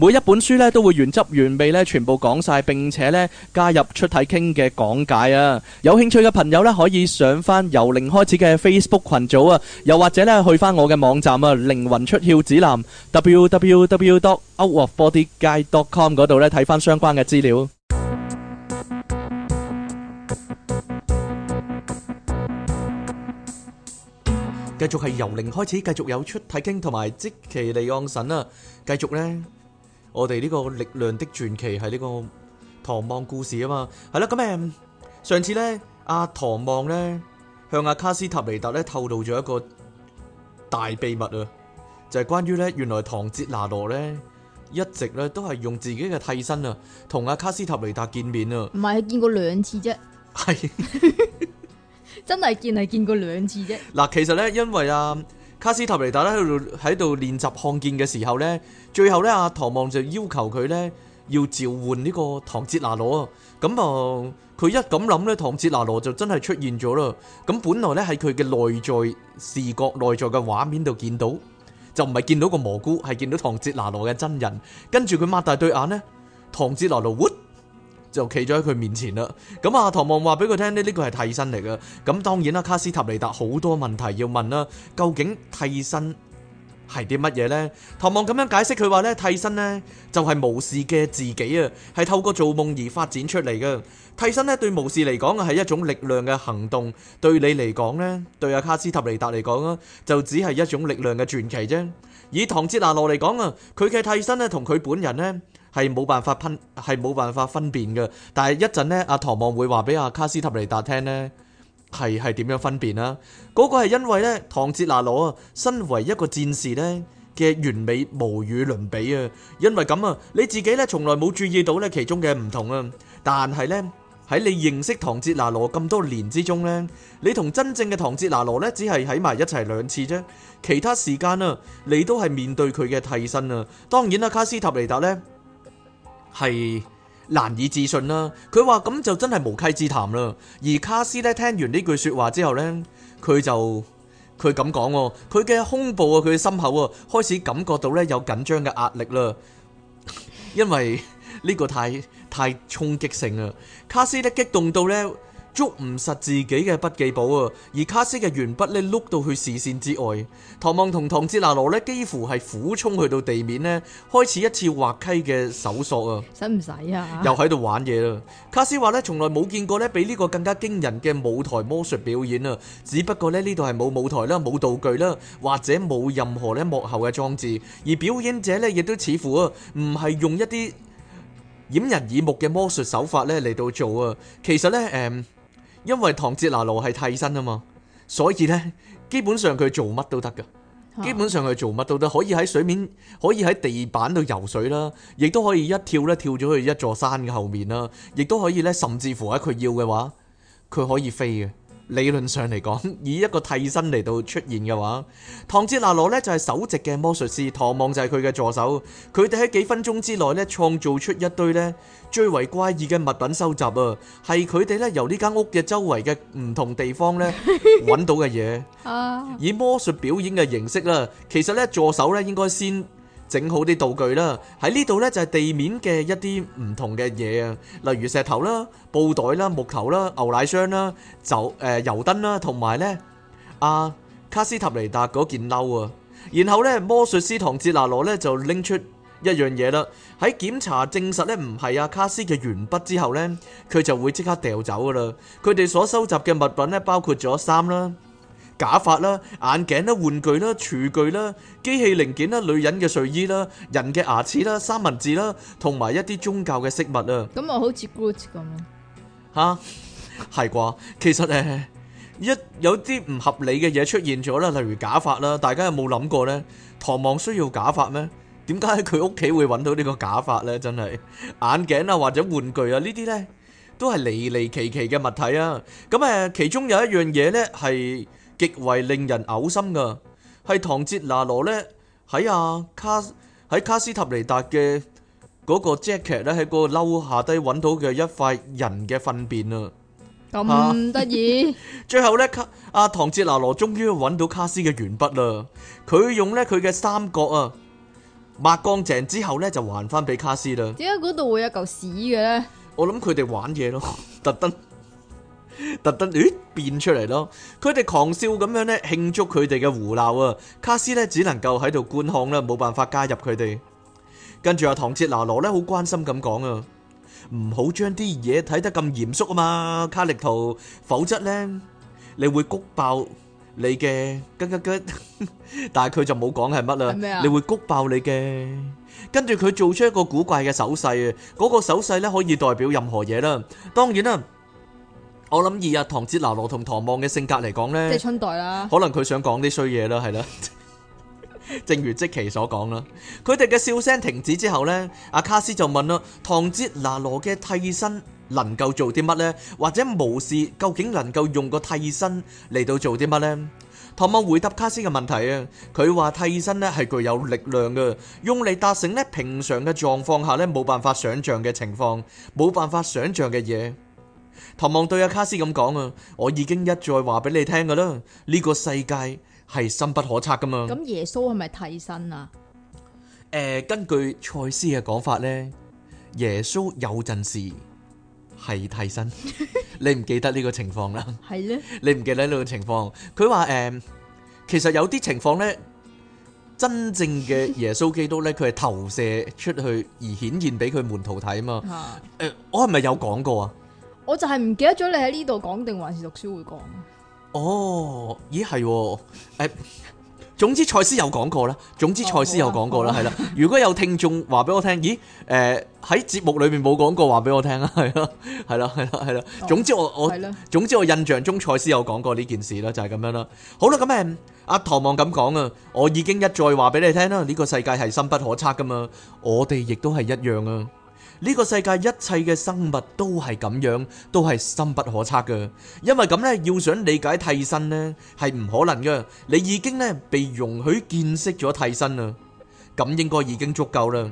Speaker 2: 每一本書咧都會原汁原味咧全部講晒，並且咧加入出體傾嘅講解啊！有興趣嘅朋友咧可以上返由零開始嘅 Facebook 群組啊，又或者咧去返我嘅網站啊靈魂出竅指南 w w w dot out of body guide dot com 嗰度咧睇返相關嘅資料。繼續係由零開始，繼續有出體傾同埋積其離岸神啊！繼續咧。我哋呢個力量的傳奇係呢個唐望故事啊嘛，係啦，咁誒，上次咧阿唐望咧向阿、啊、卡斯塔尼達咧透露咗一個大秘密啊，就係、是、關於咧原來唐哲拿羅咧一直咧都係用自己嘅替身啊，同阿、啊、卡斯塔尼達見面啊，
Speaker 1: 唔係，見過兩次啫，係， 真係見係見過兩次啫，
Speaker 2: 嗱、啊，其實咧因為啊。卡斯塔尼達喺度喺度練習看劍嘅時候咧，最後咧阿唐望就要求佢咧要召喚呢個唐哲拿羅啊，咁啊佢一咁諗咧，唐哲拿羅就真係出現咗啦。咁本來咧喺佢嘅內在視覺、內在嘅畫面度見到，就唔係見到個蘑菇，係見到唐哲拿羅嘅真人。跟住佢擘大對眼咧，唐哲拿羅喎。就企咗喺佢面前啦。咁啊，唐望話俾佢聽咧，呢個係替身嚟噶。咁當然啦，卡斯塔尼達好多問題要問啦。究竟替身係啲乜嘢呢？唐望咁樣解釋佢話呢「替身呢就係巫士嘅自己啊，係透過做夢而發展出嚟噶。替身呢對巫士嚟講係一種力量嘅行動，對你嚟講呢，對阿卡斯塔尼達嚟講啊，就只係一種力量嘅傳奇啫。以唐哲拿羅嚟講啊，佢嘅替身呢同佢本人呢，係冇辦法分，係冇辦法分辨嘅。但係一陣咧，阿唐望會話俾阿卡斯塔尼達聽咧，係係點樣分辨啦？嗰個係因為咧，唐哲拿羅啊，身為一個戰士咧，嘅完美無與倫比啊。因為咁啊，你自己咧從來冇注意到咧，其中嘅唔同啊。但係咧，喺你認識唐哲拿羅咁多年之中咧，你同真正嘅唐哲拿羅咧，只係喺埋一齊兩次啫。其他時間啊，你都係面對佢嘅替身啊。當然啦，卡斯塔尼達咧。係難以置信啦！佢話咁就真係無稽之談啦。而卡斯咧聽完呢句說話之後呢，佢就佢咁講，佢嘅胸部啊，佢嘅心口啊，開始感覺到呢有緊張嘅壓力啦，因為呢個太太衝擊性啦。卡斯咧激動到呢，捉唔實自己嘅筆記簿啊，而卡斯嘅鉛筆咧碌到去視線之外。唐望同唐哲拿羅咧幾乎係俯衝去到地面咧，開始一次滑稽嘅搜索啊！
Speaker 1: 使唔使啊？又
Speaker 2: 喺度玩嘢啦！卡斯話咧，從來冇見過咧比呢個更加驚人嘅舞台魔術表演啊！只不過咧呢度係冇舞台啦，冇道具啦，或者冇任何咧幕後嘅裝置，而表演者咧亦都似乎啊唔係用一啲掩人耳目嘅魔術手法咧嚟到做啊！其實咧，誒、嗯。因為唐哲拿羅係替身啊嘛，所以呢，基本上佢做乜都得㗎，基本上佢做乜都得，可以喺水面，可以喺地板度游水啦，亦都可以一跳咧跳咗去一座山嘅後面啦，亦都可以呢甚至乎喺佢要嘅話，佢可以飛嘅。理論上嚟講，以一個替身嚟到出現嘅話，唐哲拿羅咧就係首席嘅魔術師，唐望就係佢嘅助手。佢哋喺幾分鐘之內咧創造出一堆咧最為怪異嘅物品收集啊，係佢哋咧由呢間屋嘅周圍嘅唔同地方咧揾到嘅嘢，以魔術表演嘅形式啦。其實咧助手咧應該先，整好啲道具啦，喺呢度咧就係地面嘅一啲唔同嘅嘢啊，例如石頭啦、布袋啦、木頭啦、牛奶箱啦、就誒油燈啦，同埋咧阿卡斯塔尼達嗰件褸啊。然後咧魔術師同哲拿羅咧就拎出一樣嘢啦，喺檢查證實咧唔係阿卡斯嘅鉛筆之後咧，佢就會即刻掉走噶啦。佢哋所收集嘅物品咧包括咗衫啦。假髮啦、眼鏡啦、玩具啦、廚具啦、機器零件啦、女人嘅睡衣啦、人嘅牙齒啦、三文治啦，同埋一啲宗教嘅飾物啊。
Speaker 1: 咁我好似 glue 咁咯，
Speaker 2: 吓，係啩？其實誒，一有啲唔合理嘅嘢出現咗啦，例如假髮啦，大家有冇諗過咧？唐望需要假髮咩？點解喺佢屋企會揾到呢個假髮咧？真係眼鏡啊，或者玩具啊，呢啲咧都係離離奇奇嘅物體啊。咁誒，其中有一樣嘢咧係。極為令人嘔心噶，係唐哲拿羅咧喺啊，卡喺卡斯塔尼達嘅嗰個 jacket 咧喺個褸下低揾到嘅一塊人嘅糞便
Speaker 1: 啊！咁得意，
Speaker 2: 最後咧卡阿、啊、唐哲拿羅終於揾到卡斯嘅鉛筆啦，佢用咧佢嘅三角啊抹乾淨之後咧就還翻俾卡斯啦。
Speaker 1: 點解嗰度會有嚿屎嘅咧？
Speaker 2: 我諗佢哋玩嘢咯，特登。突突咦變出嚟咯！佢哋狂笑咁樣咧慶祝佢哋嘅胡鬧啊！卡斯咧只能夠喺度觀看啦，冇辦法加入佢哋。跟住阿唐哲拿羅咧好關心咁講啊，唔好將啲嘢睇得咁嚴肅啊嘛！卡力圖，否則咧你會谷爆你嘅，跟跟跟！但係佢就冇講係乜啦，你會谷爆你嘅。跟住佢做出一個古怪嘅手勢啊，嗰個手勢咧可以代表任何嘢啦。當然啦。我諗二日唐哲拿羅同唐望嘅性格嚟講
Speaker 1: 咧，可
Speaker 2: 能佢想講啲衰嘢啦，係啦。正如即其所講啦，佢哋嘅笑聲停止之後咧，阿卡斯就問啦：唐哲拿羅嘅替身能夠做啲乜咧？或者無視究竟能夠用個替身嚟到做啲乜咧？唐望回答卡斯嘅問題啊，佢話替身咧係具有力量嘅，用嚟達成咧平常嘅狀況下咧冇辦法想象嘅情況，冇辦法想象嘅嘢。唐望對阿、啊、卡斯咁講啊，我已經一再話俾你聽噶啦，呢、這個世界係深不可測噶嘛。咁、
Speaker 1: 嗯、耶穌係咪替身啊？
Speaker 2: 誒、呃，根據賽斯嘅講法咧，耶穌有陣時係替身， 你唔記得呢個情況啦？係咧，你唔記得呢個情況？佢話誒，其實有啲情況咧，真正嘅耶穌基督咧，佢係投射出去而顯現俾佢門徒睇啊嘛。誒、 啊，我係咪有講過啊？
Speaker 1: 我就係唔記得咗你喺呢度講定還是讀書會講。哦，
Speaker 2: 咦係，誒、啊，總之賽斯有講過啦，總之賽斯有講過啦，係啦、哦啊啊啊。如果有聽眾話俾我聽， 咦，誒喺節目裏面冇講過，話俾我聽啊，係咯、啊，係啦、啊，係啦、啊，係啦。總之我我、哦啊、總之我印象中賽斯有講過呢件事啦，就係、是、咁樣啦。好啦、啊，咁誒、啊，阿唐望咁講啊，我已經一再話俾你聽啦，呢、這個世界係深不可測噶嘛，我哋亦都係一樣啊。呢個世界一切嘅生物都係咁樣，都係深不可測嘅。因為咁呢，要想理解替身呢，係唔可能嘅。你已經呢被容許見識咗替身啦，咁應該已經足夠啦。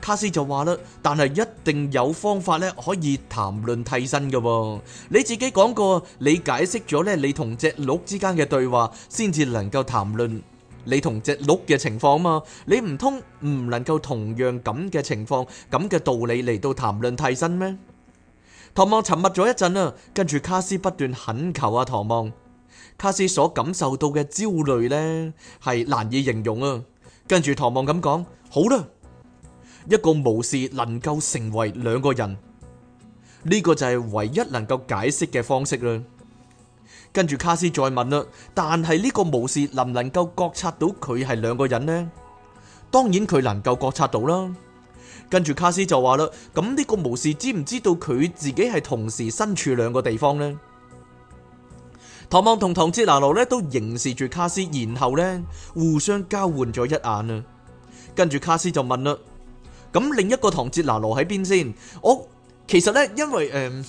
Speaker 2: 卡斯就話啦，但係一定有方法咧可以談論替身嘅。你自己講過，你解釋咗呢你同隻鹿之間嘅對話，先至能夠談論。你同隻鹿嘅情況啊嘛？你唔通唔能夠同樣咁嘅情況、咁嘅道理嚟到談論替身咩？唐望沉默咗一陣啊，跟住卡斯不斷懇求啊唐望。卡斯所感受到嘅焦慮呢，係難以形容啊。跟住唐望咁講：好啦，一個無事能夠成為兩個人，呢個就係唯一能夠解釋嘅方式啦。跟住卡斯再問啦，但係呢個巫士能唔能夠覺察到佢係兩個人呢？當然佢能夠覺察到啦。跟住卡斯就話啦，咁、這、呢個巫士知唔知道佢自己係同時身處兩個地方呢？唐望同唐哲拿羅咧都凝視住卡斯，然後呢互相交換咗一眼啦。跟住卡斯就問啦，咁、嗯、另一個唐哲拿羅喺邊先？我其實呢，因為誒。呃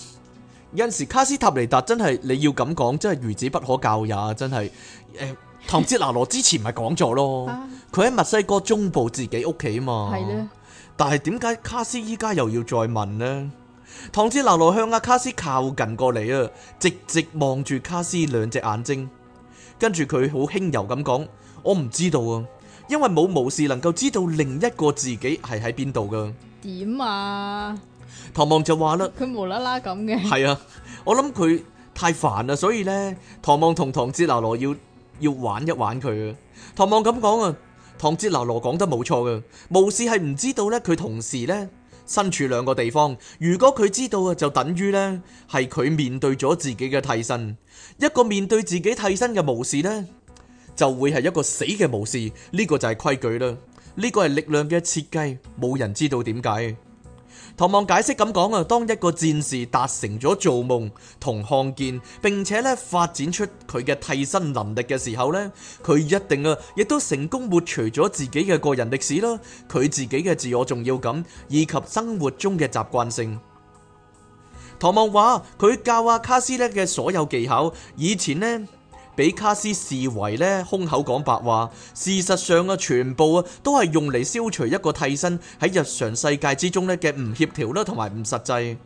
Speaker 2: 有陣時卡斯塔尼達真係你要咁講，真係孺子不可教也，真係。誒、呃，唐哲拿羅之前咪講咗咯，佢喺 墨西哥中部自己屋企嘛。的但係點解卡斯依家又要再問呢？唐哲拿羅向阿卡斯靠近過嚟啊，直直望住卡斯兩隻眼睛，跟住佢好輕柔咁講：我唔知道啊，因為冇巫士能夠知道另一個自己係喺邊度噶。
Speaker 1: 點啊？
Speaker 2: 唐望就話啦，佢
Speaker 1: 無啦啦咁嘅。係
Speaker 2: 啊，我諗佢太煩啦，所以呢，唐望同唐哲拿羅要要玩一玩佢啊。唐望咁講啊，唐哲拿羅講得冇錯噶，巫師係唔知道呢，佢同時呢，身處兩個地方。如果佢知道啊，就等於呢，係佢面對咗自己嘅替身，一個面對自己替身嘅巫師呢，就會係一個死嘅巫師，呢個就係規矩啦。呢個係力量嘅設計，冇人知道點解。唐望解釋咁講啊，當一個戰士達成咗做夢同看見，並且咧發展出佢嘅替身能力嘅時候咧，佢一定啊亦都成功抹除咗自己嘅個人歷史啦，佢自己嘅自我重要感以及生活中嘅習慣性。唐望話佢教阿卡斯咧嘅所有技巧，以前呢，俾卡斯視為咧，空口講白話。事實上啊，全部啊都係用嚟消除一個替身喺日常世界之中咧嘅唔協調啦，同埋唔實際，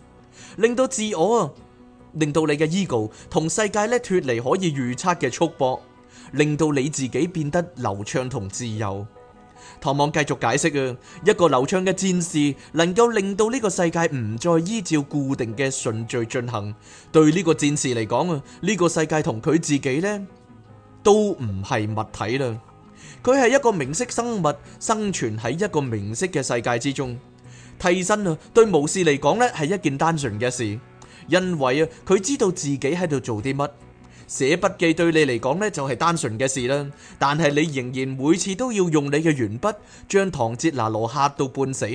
Speaker 2: 令到自我啊，令到你嘅 ego 同世界咧脫離可以預測嘅束縛，令到你自己變得流暢同自由。唐望繼續解釋啊，一個流暢嘅戰士能夠令到呢個世界唔再依照固定嘅順序進行。對呢個戰士嚟講啊，呢個世界同佢自己呢都唔係物體啦。佢係一個明識生物，生存喺一個明識嘅世界之中。替身啊，對巫師嚟講呢係一件單純嘅事，因為啊，佢知道自己喺度做啲乜。寫筆記對你嚟講呢，就係單純嘅事啦，但係你仍然每次都要用你嘅鉛筆將唐哲拿羅嚇到半死。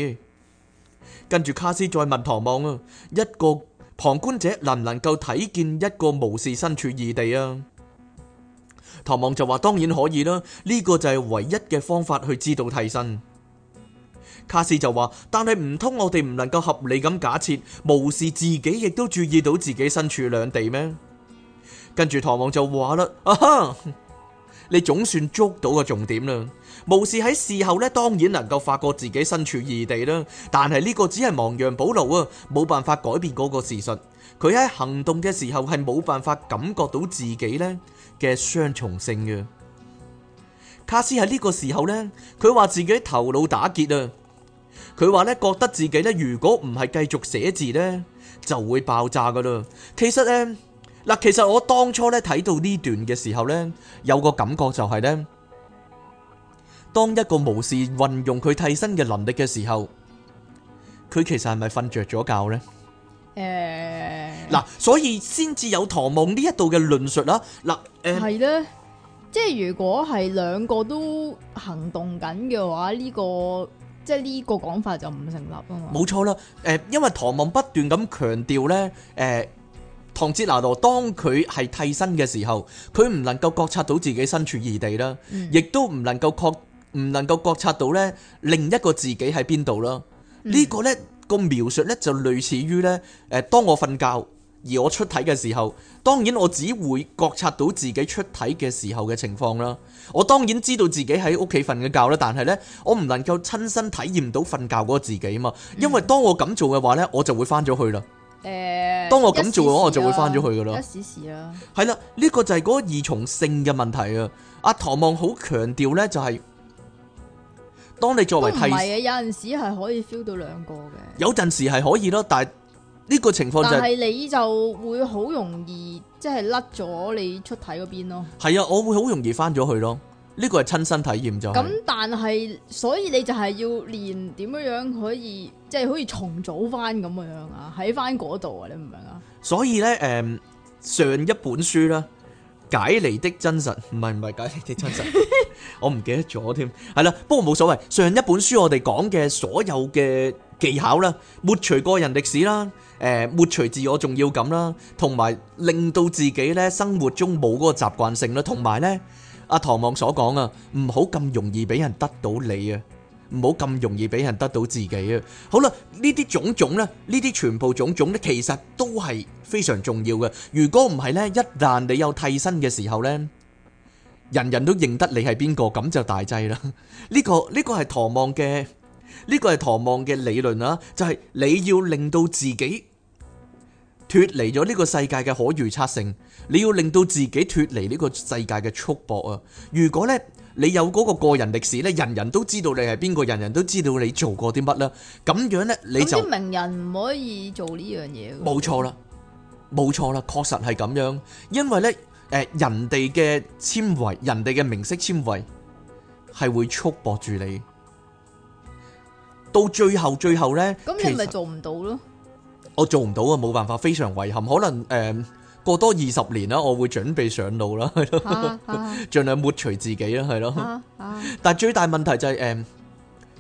Speaker 2: 跟住卡斯再問唐望啊，一個旁觀者能唔能夠睇見一個巫士身處異地啊？唐望就話當然可以啦，呢、這個就係唯一嘅方法去知道替身。卡斯就話，但係唔通我哋唔能夠合理咁假設巫士自己亦都注意到自己身處兩地咩？跟住唐望就話啦，啊哈，你總算捉到個重點啦。巫士喺事後咧，當然能夠發覺自己身處異地啦。但係呢個只係亡羊補牢啊，冇辦法改變嗰個事實。佢喺行動嘅時候係冇辦法感覺到自己咧嘅雙重性嘅。卡斯喺呢個時候咧，佢話自己頭腦打結啊。佢話咧，覺得自己咧如果唔係繼續寫字咧，就會爆炸噶啦。其實咧。嗱，其實我當初咧睇到呢段嘅時候咧，有個感覺就係咧，當一個巫師運用佢替身嘅能力嘅時候，佢其實係咪瞓著咗覺咧？
Speaker 1: 誒，嗱，
Speaker 2: 所以先至有唐望呢一度嘅論述啦。嗱，係
Speaker 1: 咧，即係如果係兩個都行動緊嘅話，呢個即係呢個講法就唔成立啊嘛。
Speaker 2: 冇錯啦，誒，因為唐望不斷咁強調咧，誒。唐哲拿羅當佢係替身嘅時候，佢唔能夠覺察到自己身處異地啦，亦都唔能夠覺唔能夠覺察到呢另一個自己喺邊度啦。呢、嗯、個呢個描述呢，就類似於呢：「誒，當我瞓覺而我出體嘅時候，當然我只會覺察到自己出體嘅時候嘅情況啦。我當然知道自己喺屋企瞓嘅覺啦，但係呢，我唔能夠親身體驗到瞓覺嗰個自己嘛，因為當我咁做嘅話呢，我就會翻咗去啦。
Speaker 1: 誒，當我咁做嘅話，時時我就會翻咗去噶啦，一時時啦，
Speaker 2: 係啦，呢、這個就係嗰個二重性嘅問題啊！阿唐望好強調咧，就係當你作為替，唔係啊，有
Speaker 1: 陣時係可以 feel 到兩個嘅，
Speaker 2: 有陣時係可以咯，但係呢個情況就係、
Speaker 1: 是、你就會好容易，即係甩咗你出體嗰邊咯，
Speaker 2: 係啊，我會好容易翻咗去咯。呢個係親身體驗咗。咁
Speaker 1: 但係，所以你就係要練點樣樣可以，即係可以重組翻咁樣樣啊，喺翻嗰度啊，你唔明啊？
Speaker 2: 所以呢，誒，上一本書啦，解離的真實，唔係唔係解離的真實，我唔記得咗添。係啦，不過冇所謂。上一本書我哋講嘅所有嘅技巧啦，抹除個人歷史啦，誒，抹除自我重要感啦，同埋令到自己呢生活中冇嗰個習慣性啦，同埋呢。阿唐望所講啊，唔好咁容易俾人得到你啊，唔好咁容易俾人得到自己啊。好啦，呢啲種種呢，呢啲全部種種呢，其實都係非常重要嘅。如果唔係呢，一旦你有替身嘅時候呢，人人都認得你係邊個，咁就大劑啦。呢個呢個係唐望嘅呢個係唐望嘅理論啦，就係你要令到自己脫離咗呢個世界嘅可預測性。你要令到自己脫離呢個世界嘅束縛啊！如果咧你有嗰個個人歷史咧，人人都知道你係邊個，人人都知道你做過啲乜啦，咁樣咧你就名
Speaker 1: 人唔可以做呢樣嘢。冇錯啦，
Speaker 2: 冇錯啦，確實係咁樣，因為咧，誒，人哋嘅纖維，人哋嘅名色纖維係會束縛住你。到最後，最後咧，咁你咪做唔到咯？我做唔到啊，冇辦法，非常遺憾，可能誒。過多二十年啦，我會準備上路啦，盡量抹除自己啦，係咯。但係最大問題就係，誒，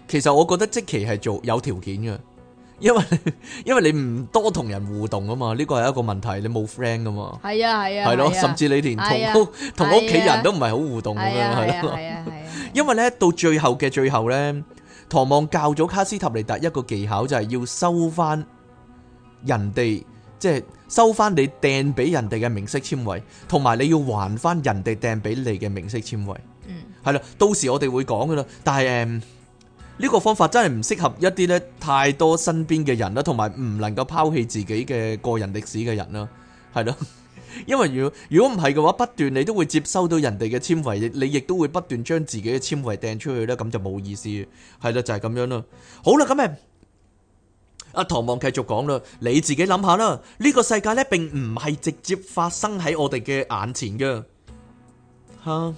Speaker 2: 其實我覺得即期係做有條件嘅，因為因為你唔多同人互動啊嘛，呢個係一個問題，你冇 friend 噶嘛。係啊係啊，係咯，甚至你連同同屋企人都唔係好互動咁樣，係咯。因為呢到最後嘅最後呢，唐望教咗卡斯塔尼達一個技巧，就係要收翻人哋，即係。收翻你掟俾人哋嘅名色纖維，同埋你要還翻人哋掟俾你嘅名色纖維，嗯，係啦，到時我哋會講噶啦。但係誒呢個方法真係唔適合一啲咧太多身邊嘅人啦，同埋唔能夠拋棄自己嘅個人歷史嘅人啦，係咯。因為如果如果唔係嘅話，不斷你都會接收到人哋嘅纖維，你亦都會不斷將自己嘅纖維掟出去咧，咁就冇意思。係啦，就係咁樣咯。好啦，咁啊。阿唐望繼續講啦，你自己諗下啦，呢個世界咧，並唔係直接發生喺我哋嘅眼前噶吓，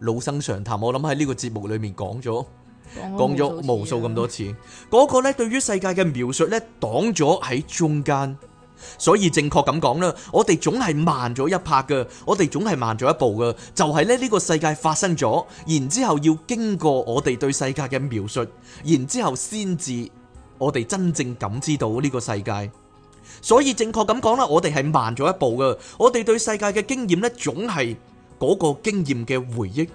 Speaker 2: 老生常談，我諗喺呢個節目裏面講咗，講咗無數咁多次，嗰個咧對於世界嘅描述咧擋咗喺中間，所以正確咁講啦，我哋總係慢咗一拍噶，我哋總係慢咗一步噶，就係咧，呢個世界發生咗，然之後要經過我哋對世界嘅描述，然之後先至。我哋真正感知到呢個世界，所以正確咁講啦，我哋係慢咗一步㗎。我哋對世界嘅經驗呢，總係嗰個經驗嘅回憶。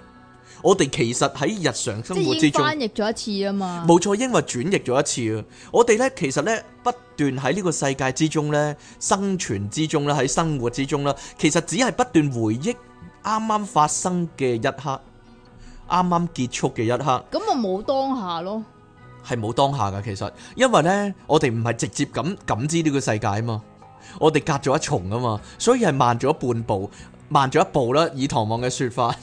Speaker 2: 我哋其實喺日常生活之中，翻
Speaker 1: 譯咗一次啊嘛，冇
Speaker 2: 錯，因為轉譯咗一次啊。我哋呢其實呢不斷喺呢個世界之中咧生存之中啦，喺生活之中啦，其實只係不斷回憶啱啱發生嘅一刻，啱啱結束嘅一刻。
Speaker 1: 咁我冇當下咯。
Speaker 2: 係冇當下噶，其實，因為咧，我哋唔係直接咁感知呢個世界啊嘛，我哋隔咗一重啊嘛，所以係慢咗半步，慢咗一步啦。以唐望嘅說法，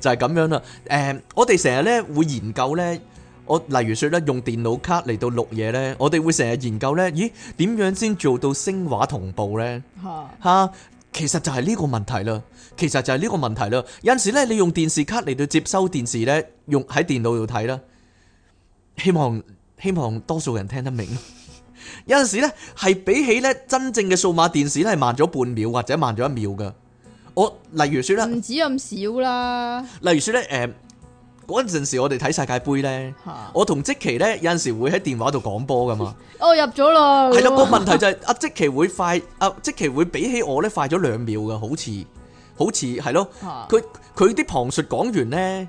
Speaker 2: 就係咁樣啦。誒，我哋成日咧會研究咧，我例如說咧用電腦卡嚟到錄嘢咧，我哋會成日研究咧，咦，點樣先做到聲畫同步咧？吓，其實就係呢個問題啦，其實就係呢個問題啦。有陣時咧，你用電視卡嚟到接收電視咧，用喺電腦度睇啦。希望希望多數人聽得明， 有陣時咧係比起咧真正嘅數碼電視咧係慢咗半秒或者慢咗一秒噶。我例如說啦，唔止咁少啦。例如說咧，誒嗰陣時我哋睇世界杯咧，的我同即期咧有陣時會喺電話度講波噶嘛。
Speaker 1: 哦，入咗啦。係啦，個問題就
Speaker 2: 係阿即期會快，阿即期會比起我咧快咗兩秒噶，好似好似係咯，佢佢啲旁述講完咧。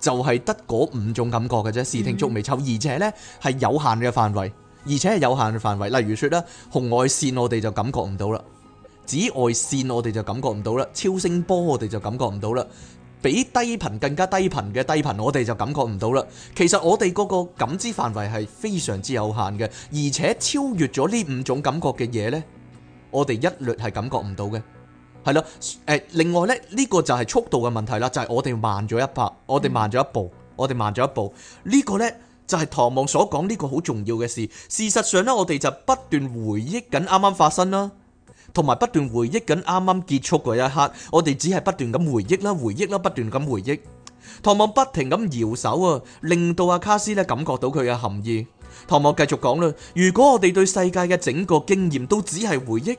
Speaker 2: 就係得嗰五種感覺嘅啫，視聽觸味嗅，而且呢係有限嘅範圍，而且係有限嘅範圍。例如説啦，紅外線我哋就感覺唔到啦，紫外線我哋就感覺唔到啦，超聲波我哋就感覺唔到啦，比低頻更加低頻嘅低頻我哋就感覺唔到啦。其實我哋嗰個感知範圍係非常之有限嘅，而且超越咗呢五種感覺嘅嘢呢，我哋一律係感覺唔到嘅。係咯，誒，另外咧，呢個就係速度嘅問題啦，就係我哋慢咗一拍，我哋慢咗一步，我哋慢咗一步，呢個呢，就係唐望所講呢個好重要嘅事。事實上呢，我哋就不斷回憶緊啱啱發生啦，同埋不斷回憶緊啱啱結束嗰一刻，我哋只係不斷咁回憶啦，回憶啦，不斷咁回憶。唐望不停咁搖手啊，令到阿卡斯呢感覺到佢嘅含義。唐望繼續講啦，如果我哋對世界嘅整個經驗都只係回憶。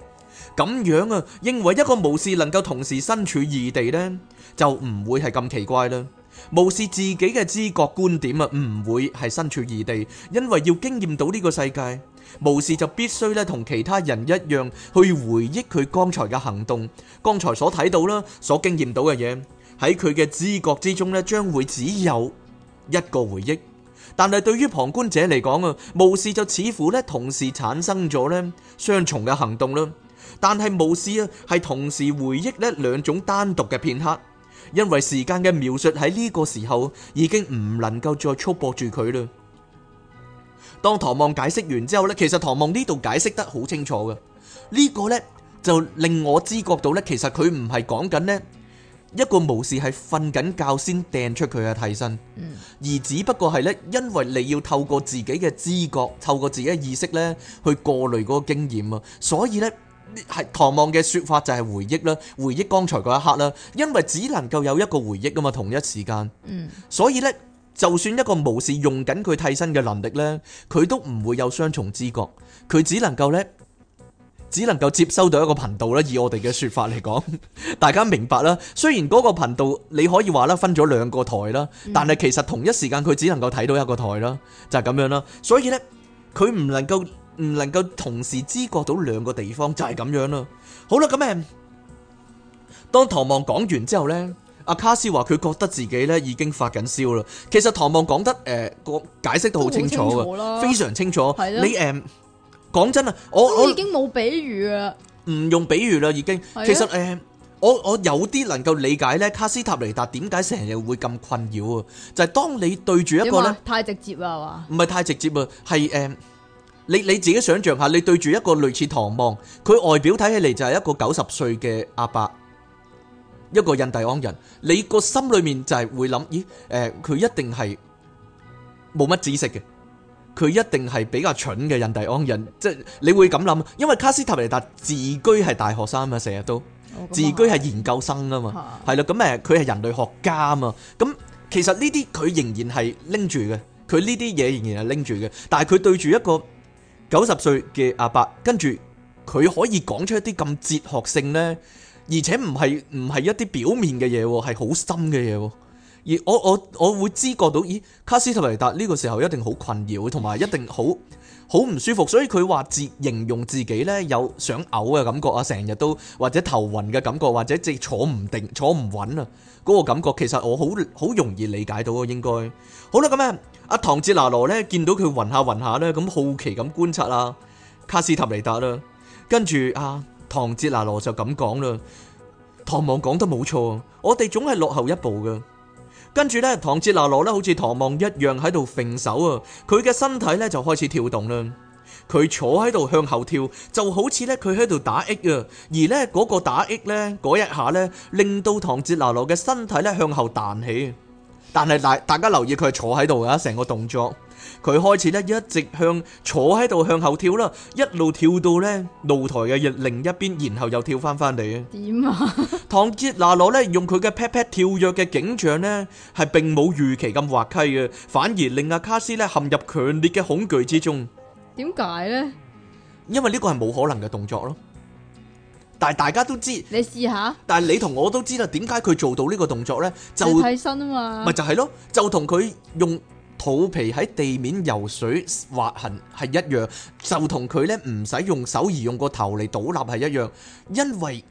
Speaker 2: 咁樣啊，認為一個巫師能夠同時身處異地咧，就唔會係咁奇怪啦。巫師自己嘅知覺觀點啊，唔會係身處異地，因為要經驗到呢個世界，巫師就必須咧同其他人一樣去回憶佢剛才嘅行動、剛才所睇到啦、所經驗到嘅嘢，喺佢嘅知覺之中咧，將會只有一個回憶。但係對於旁觀者嚟講啊，巫師就似乎咧同時產生咗咧雙重嘅行動啦。但係巫師啊，係同時回憶呢兩種單獨嘅片刻，因為時間嘅描述喺呢個時候已經唔能夠再束縛住佢啦。當唐望解釋完之後呢，其實唐望呢度解釋得好清楚㗎，呢個呢就令我知覺到呢，其實佢唔係講緊呢一個巫師係瞓緊覺先掟出佢嘅替身，而只不過係呢因為你要透過自己嘅知覺，透過自己嘅意識呢去過濾嗰個經驗啊，所以呢。係唐望嘅說法就係回憶啦，回憶剛才嗰一刻啦，因為只能夠有一個回憶噶嘛，同一時間，嗯、所以呢，就算一個巫士用緊佢替身嘅能力呢，佢都唔會有雙重知覺，佢只能夠呢，只能夠接收到一個頻道啦。以我哋嘅說法嚟講， 大家明白啦。雖然嗰個頻道你可以話啦，分咗兩個台啦，但係其實同一時間佢只能夠睇到一個台啦，就係咁樣啦。所以呢，佢唔能夠。唔能夠同時知覺到兩個地方，就係咁樣咯。好啦，咁誒，當唐望講完之後咧，阿卡斯話佢覺得自己咧已經發緊燒啦。其實唐望講得誒，個解釋都好清楚噶，非常清楚。係啦。你誒，講真啊，我我已
Speaker 1: 經冇比喻啦，
Speaker 2: 唔用比喻啦，已經。其實誒，我我有啲能夠理解咧，卡斯塔尼達點解成日會咁困擾啊？就係當你對住一個咧，
Speaker 1: 太直接啦，
Speaker 2: 係咪？唔係太直接啊，係誒。你你自己想象下，你對住一個類似唐望，佢外表睇起嚟就係一個九十歲嘅阿伯，一個印第安人。你個心裏面就係會諗，咦？誒，佢一定係冇乜知識嘅，佢一定係比較蠢嘅印第安人。即係你會咁諗，因為卡斯塔尼達自居係大學生啊，成日都自居係研究生啊嘛，係咯。咁誒，佢係人類學家啊嘛。咁其實呢啲佢仍然係拎住嘅，佢呢啲嘢仍然係拎住嘅。但係佢對住一個，九十歲嘅阿伯，跟住佢可以講出一啲咁哲學性呢，而且唔係唔係一啲表面嘅嘢喎，係好深嘅嘢喎。而我我我會知覺到，咦，卡斯特維達呢個時候一定好困擾，同埋一定好好唔舒服，所以佢話自形容自己呢，有想嘔嘅感覺啊，成日都或者頭暈嘅感覺，或者直坐唔定坐唔穩啊，嗰個感覺其實我好好容易理解到啊，應該好啦，咁樣。阿唐哲拿羅咧見到佢暈下暈下咧，咁好奇咁觀察啦，卡斯塔尼達啦，跟住阿唐哲拿羅就咁講啦，唐望講得冇錯，我哋總係落後一步噶。跟住咧，唐哲拿羅咧好似唐望一樣喺度揈手啊，佢嘅身體咧就開始跳動啦，佢坐喺度向後跳，就好似咧佢喺度打抑啊，而咧嗰、那個打抑咧嗰一下咧，令到唐哲拿羅嘅身體咧向後彈起。但係大大家留意佢係坐喺度噶，成個動作佢開始咧一直向坐喺度向後跳啦，一路跳到咧露台嘅另另一邊，然後又跳翻翻嚟。點啊？唐哲拿羅咧用佢嘅 pat pat 跳躍嘅景象咧，係並冇預期咁滑稽嘅，反而令阿卡斯咧陷入強烈嘅恐懼之中。
Speaker 1: 點解咧？
Speaker 2: 因為呢個係冇可能嘅動作咯。但係大家都知，
Speaker 1: 你試下，
Speaker 2: 但係你同我都知道點解佢做到呢個動作呢？就替
Speaker 1: 身啊嘛。咪就
Speaker 2: 係咯，就同佢用肚皮喺地面游水滑行係一樣，就同佢呢唔使用手而用個頭嚟倒立係一樣，因為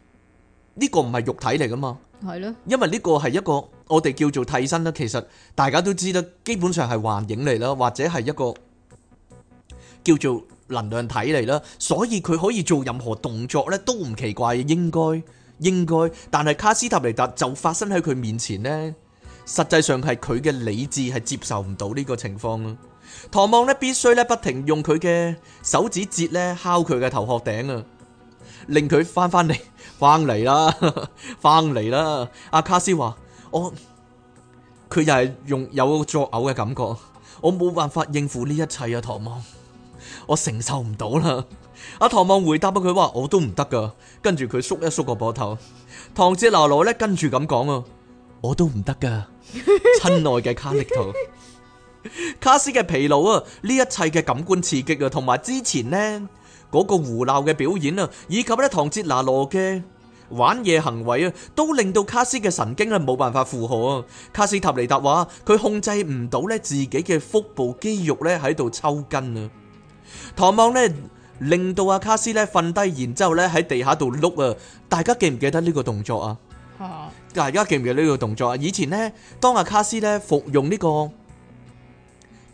Speaker 2: 呢個唔係肉體嚟噶嘛。係咯。因為呢個係一個我哋叫做替身啦，其實大家都知得，基本上係幻影嚟啦，或者係一個。叫做能量體嚟啦，所以佢可以做任何動作咧都唔奇怪嘅，應該應該。但係卡斯塔尼達就發生喺佢面前咧，實際上係佢嘅理智係接受唔到呢個情況咯。唐望咧必須咧不停用佢嘅手指節咧敲佢嘅頭殼頂啊，令佢翻翻嚟，翻嚟啦翻嚟啦。阿卡斯話我佢又係用有作嘔嘅感覺，我冇辦法應付呢一切啊，唐望。我承受唔到啦！阿唐望回答啊，佢話我都唔得噶。跟住佢縮一縮個膊頭。唐哲拿羅咧跟住咁講啊，我都唔得噶，親愛嘅卡力圖 卡斯嘅疲勞啊，呢一切嘅感官刺激啊，同埋之前呢嗰個胡鬧嘅表演啊，以及咧唐哲拿羅嘅玩嘢行為啊，都令到卡斯嘅神經啊冇辦法負荷啊。卡斯塔尼達話佢控制唔到咧自己嘅腹部肌肉咧喺度抽筋啊。唐望咧令到阿卡斯咧瞓低，然之後咧喺地下度碌啊！大家記唔記得呢個動作啊？啊！大家記唔記得呢個動作啊？以前呢，當阿卡斯咧服用呢個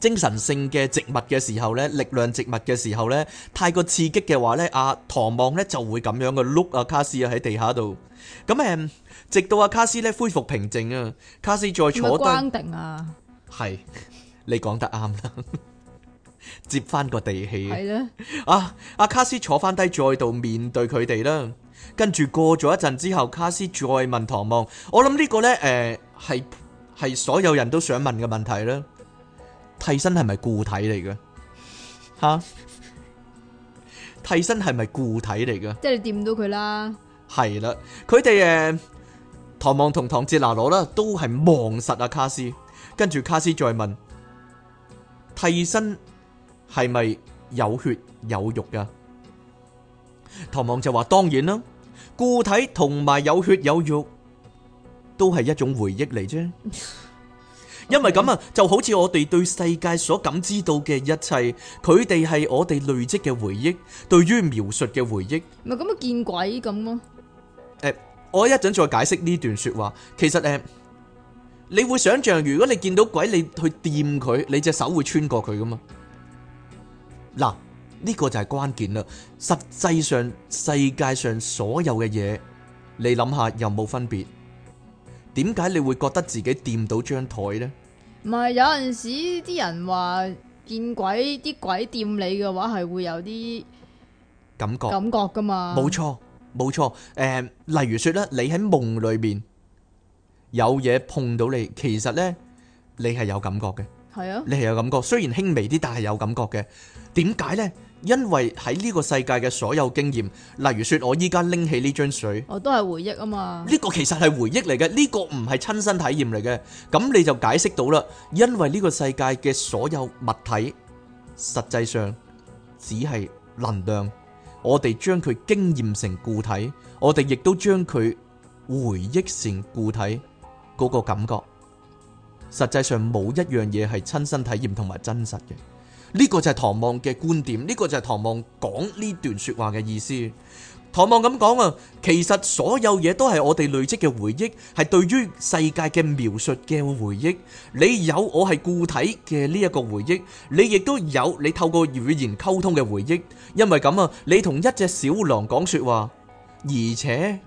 Speaker 2: 精神性嘅植物嘅時候呢，力量植物嘅時候呢，太過刺激嘅話呢，阿、啊、唐望呢就會咁樣嘅碌阿卡斯啊喺地下度。咁、嗯、誒，直到阿卡斯咧恢復平靜啊，卡斯再坐是是定啊，係你講得啱啦。 接翻個地氣係啦啊！阿、啊、卡斯坐翻低，再度面對佢哋啦。跟住過咗一陣之後，卡斯再問唐望：我諗呢個咧，誒、呃，係係所有人都想問嘅問題啦。替身係咪固體嚟嘅？吓、啊？ 替身係咪固體嚟嘅？
Speaker 1: 即係你掂到佢啦。
Speaker 2: 係啦，佢哋誒，唐、呃、望同唐哲拿羅啦，都係望實阿、啊、卡斯。跟住卡斯再問替身。係咪有血有肉噶？唐望就話當然啦，固體同埋有血有肉都係一種回憶嚟啫。因為咁啊，就好似我哋對世界所感知到嘅一切，佢哋係我哋累積嘅回憶，對於描述嘅回憶。
Speaker 1: 咪咁啊，見鬼咁咯。
Speaker 2: 誒，我一陣再解釋呢段說話。其實誒，你會想象如果你見到鬼，你去掂佢，你隻手會穿過佢噶嘛？嗱，呢個就係關鍵啦。實際上，世界上所有嘅嘢，你諗下有冇分別。點解你會覺得自己掂到張台咧？
Speaker 1: 唔係有陣時啲人話見鬼，啲鬼掂你嘅話係會有啲感覺感覺噶嘛？冇
Speaker 2: 錯冇錯。誒，例如說咧，你喺夢裏面有嘢碰到你，其實咧你係有感覺嘅。係啊，你係有感覺，雖然輕微啲，但係有感覺嘅。點解呢？因為喺呢個世界嘅所有經驗，例如說，我依家拎起呢張水，我
Speaker 1: 都係回憶啊嘛。呢個
Speaker 2: 其實係回憶嚟嘅，呢個唔係親身體驗嚟嘅。咁你就解釋到啦，因為呢個世界嘅所有物體，實際上只係能量，我哋將佢經驗成固體，我哋亦都將佢回憶成固體嗰個感覺。實際上冇一樣嘢係親身體驗同埋真實嘅，呢個就係唐望嘅觀點，呢個就係唐望講呢段說話嘅意思。唐望咁講啊，其實所有嘢都係我哋累積嘅回憶，係對於世界嘅描述嘅回憶。你有我係固體嘅呢一個回憶，你亦都有你透過語言溝通嘅回憶。因為咁啊，你同一隻小狼講說話，而且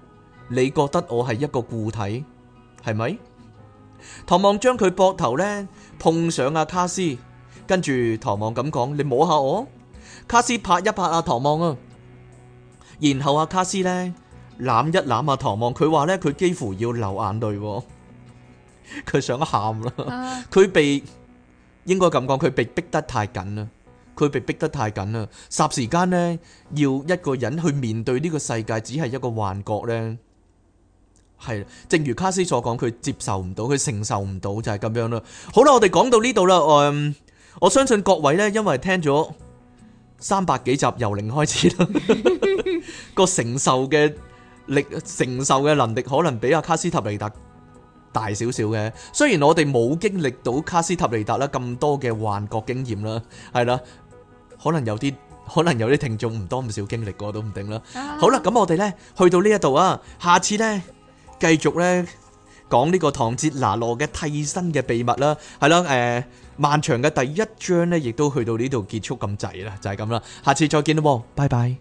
Speaker 2: 你覺得我係一個固體，係咪？唐望將佢膊頭呢碰上阿、啊、卡斯，跟住唐望咁講：你摸下我。卡斯拍一拍阿唐望啊，然後阿、啊、卡斯呢攬一攬阿唐望，佢話呢，佢幾乎要流眼淚、哦，佢想喊啦。佢、啊、被應該咁講，佢被逼得太緊啦，佢被逼得太緊啦，霎時間呢，要一個人去面對呢個世界，只係一個幻覺呢。係，正如卡斯所講，佢接受唔到，佢承受唔到，就係咁樣啦。好啦，我哋講到呢度啦。誒，我相信各位咧，因為聽咗三百幾集由零開始啦，個承受嘅力，承受嘅能力可能比阿卡斯塔尼達大少少嘅。雖然我哋冇經歷到卡斯塔尼達啦咁多嘅幻覺經驗啦，係啦，可能有啲，可能有啲聽眾唔多唔少經歷過都唔定啦。好啦，咁我哋咧去到呢一度啊，下次咧。繼續咧講呢個唐哲拿羅嘅替身嘅秘密啦，係咯，誒、呃、漫長嘅第一章咧，亦都去到呢度結束咁滯啦，就係咁啦，下次再見咯，拜拜。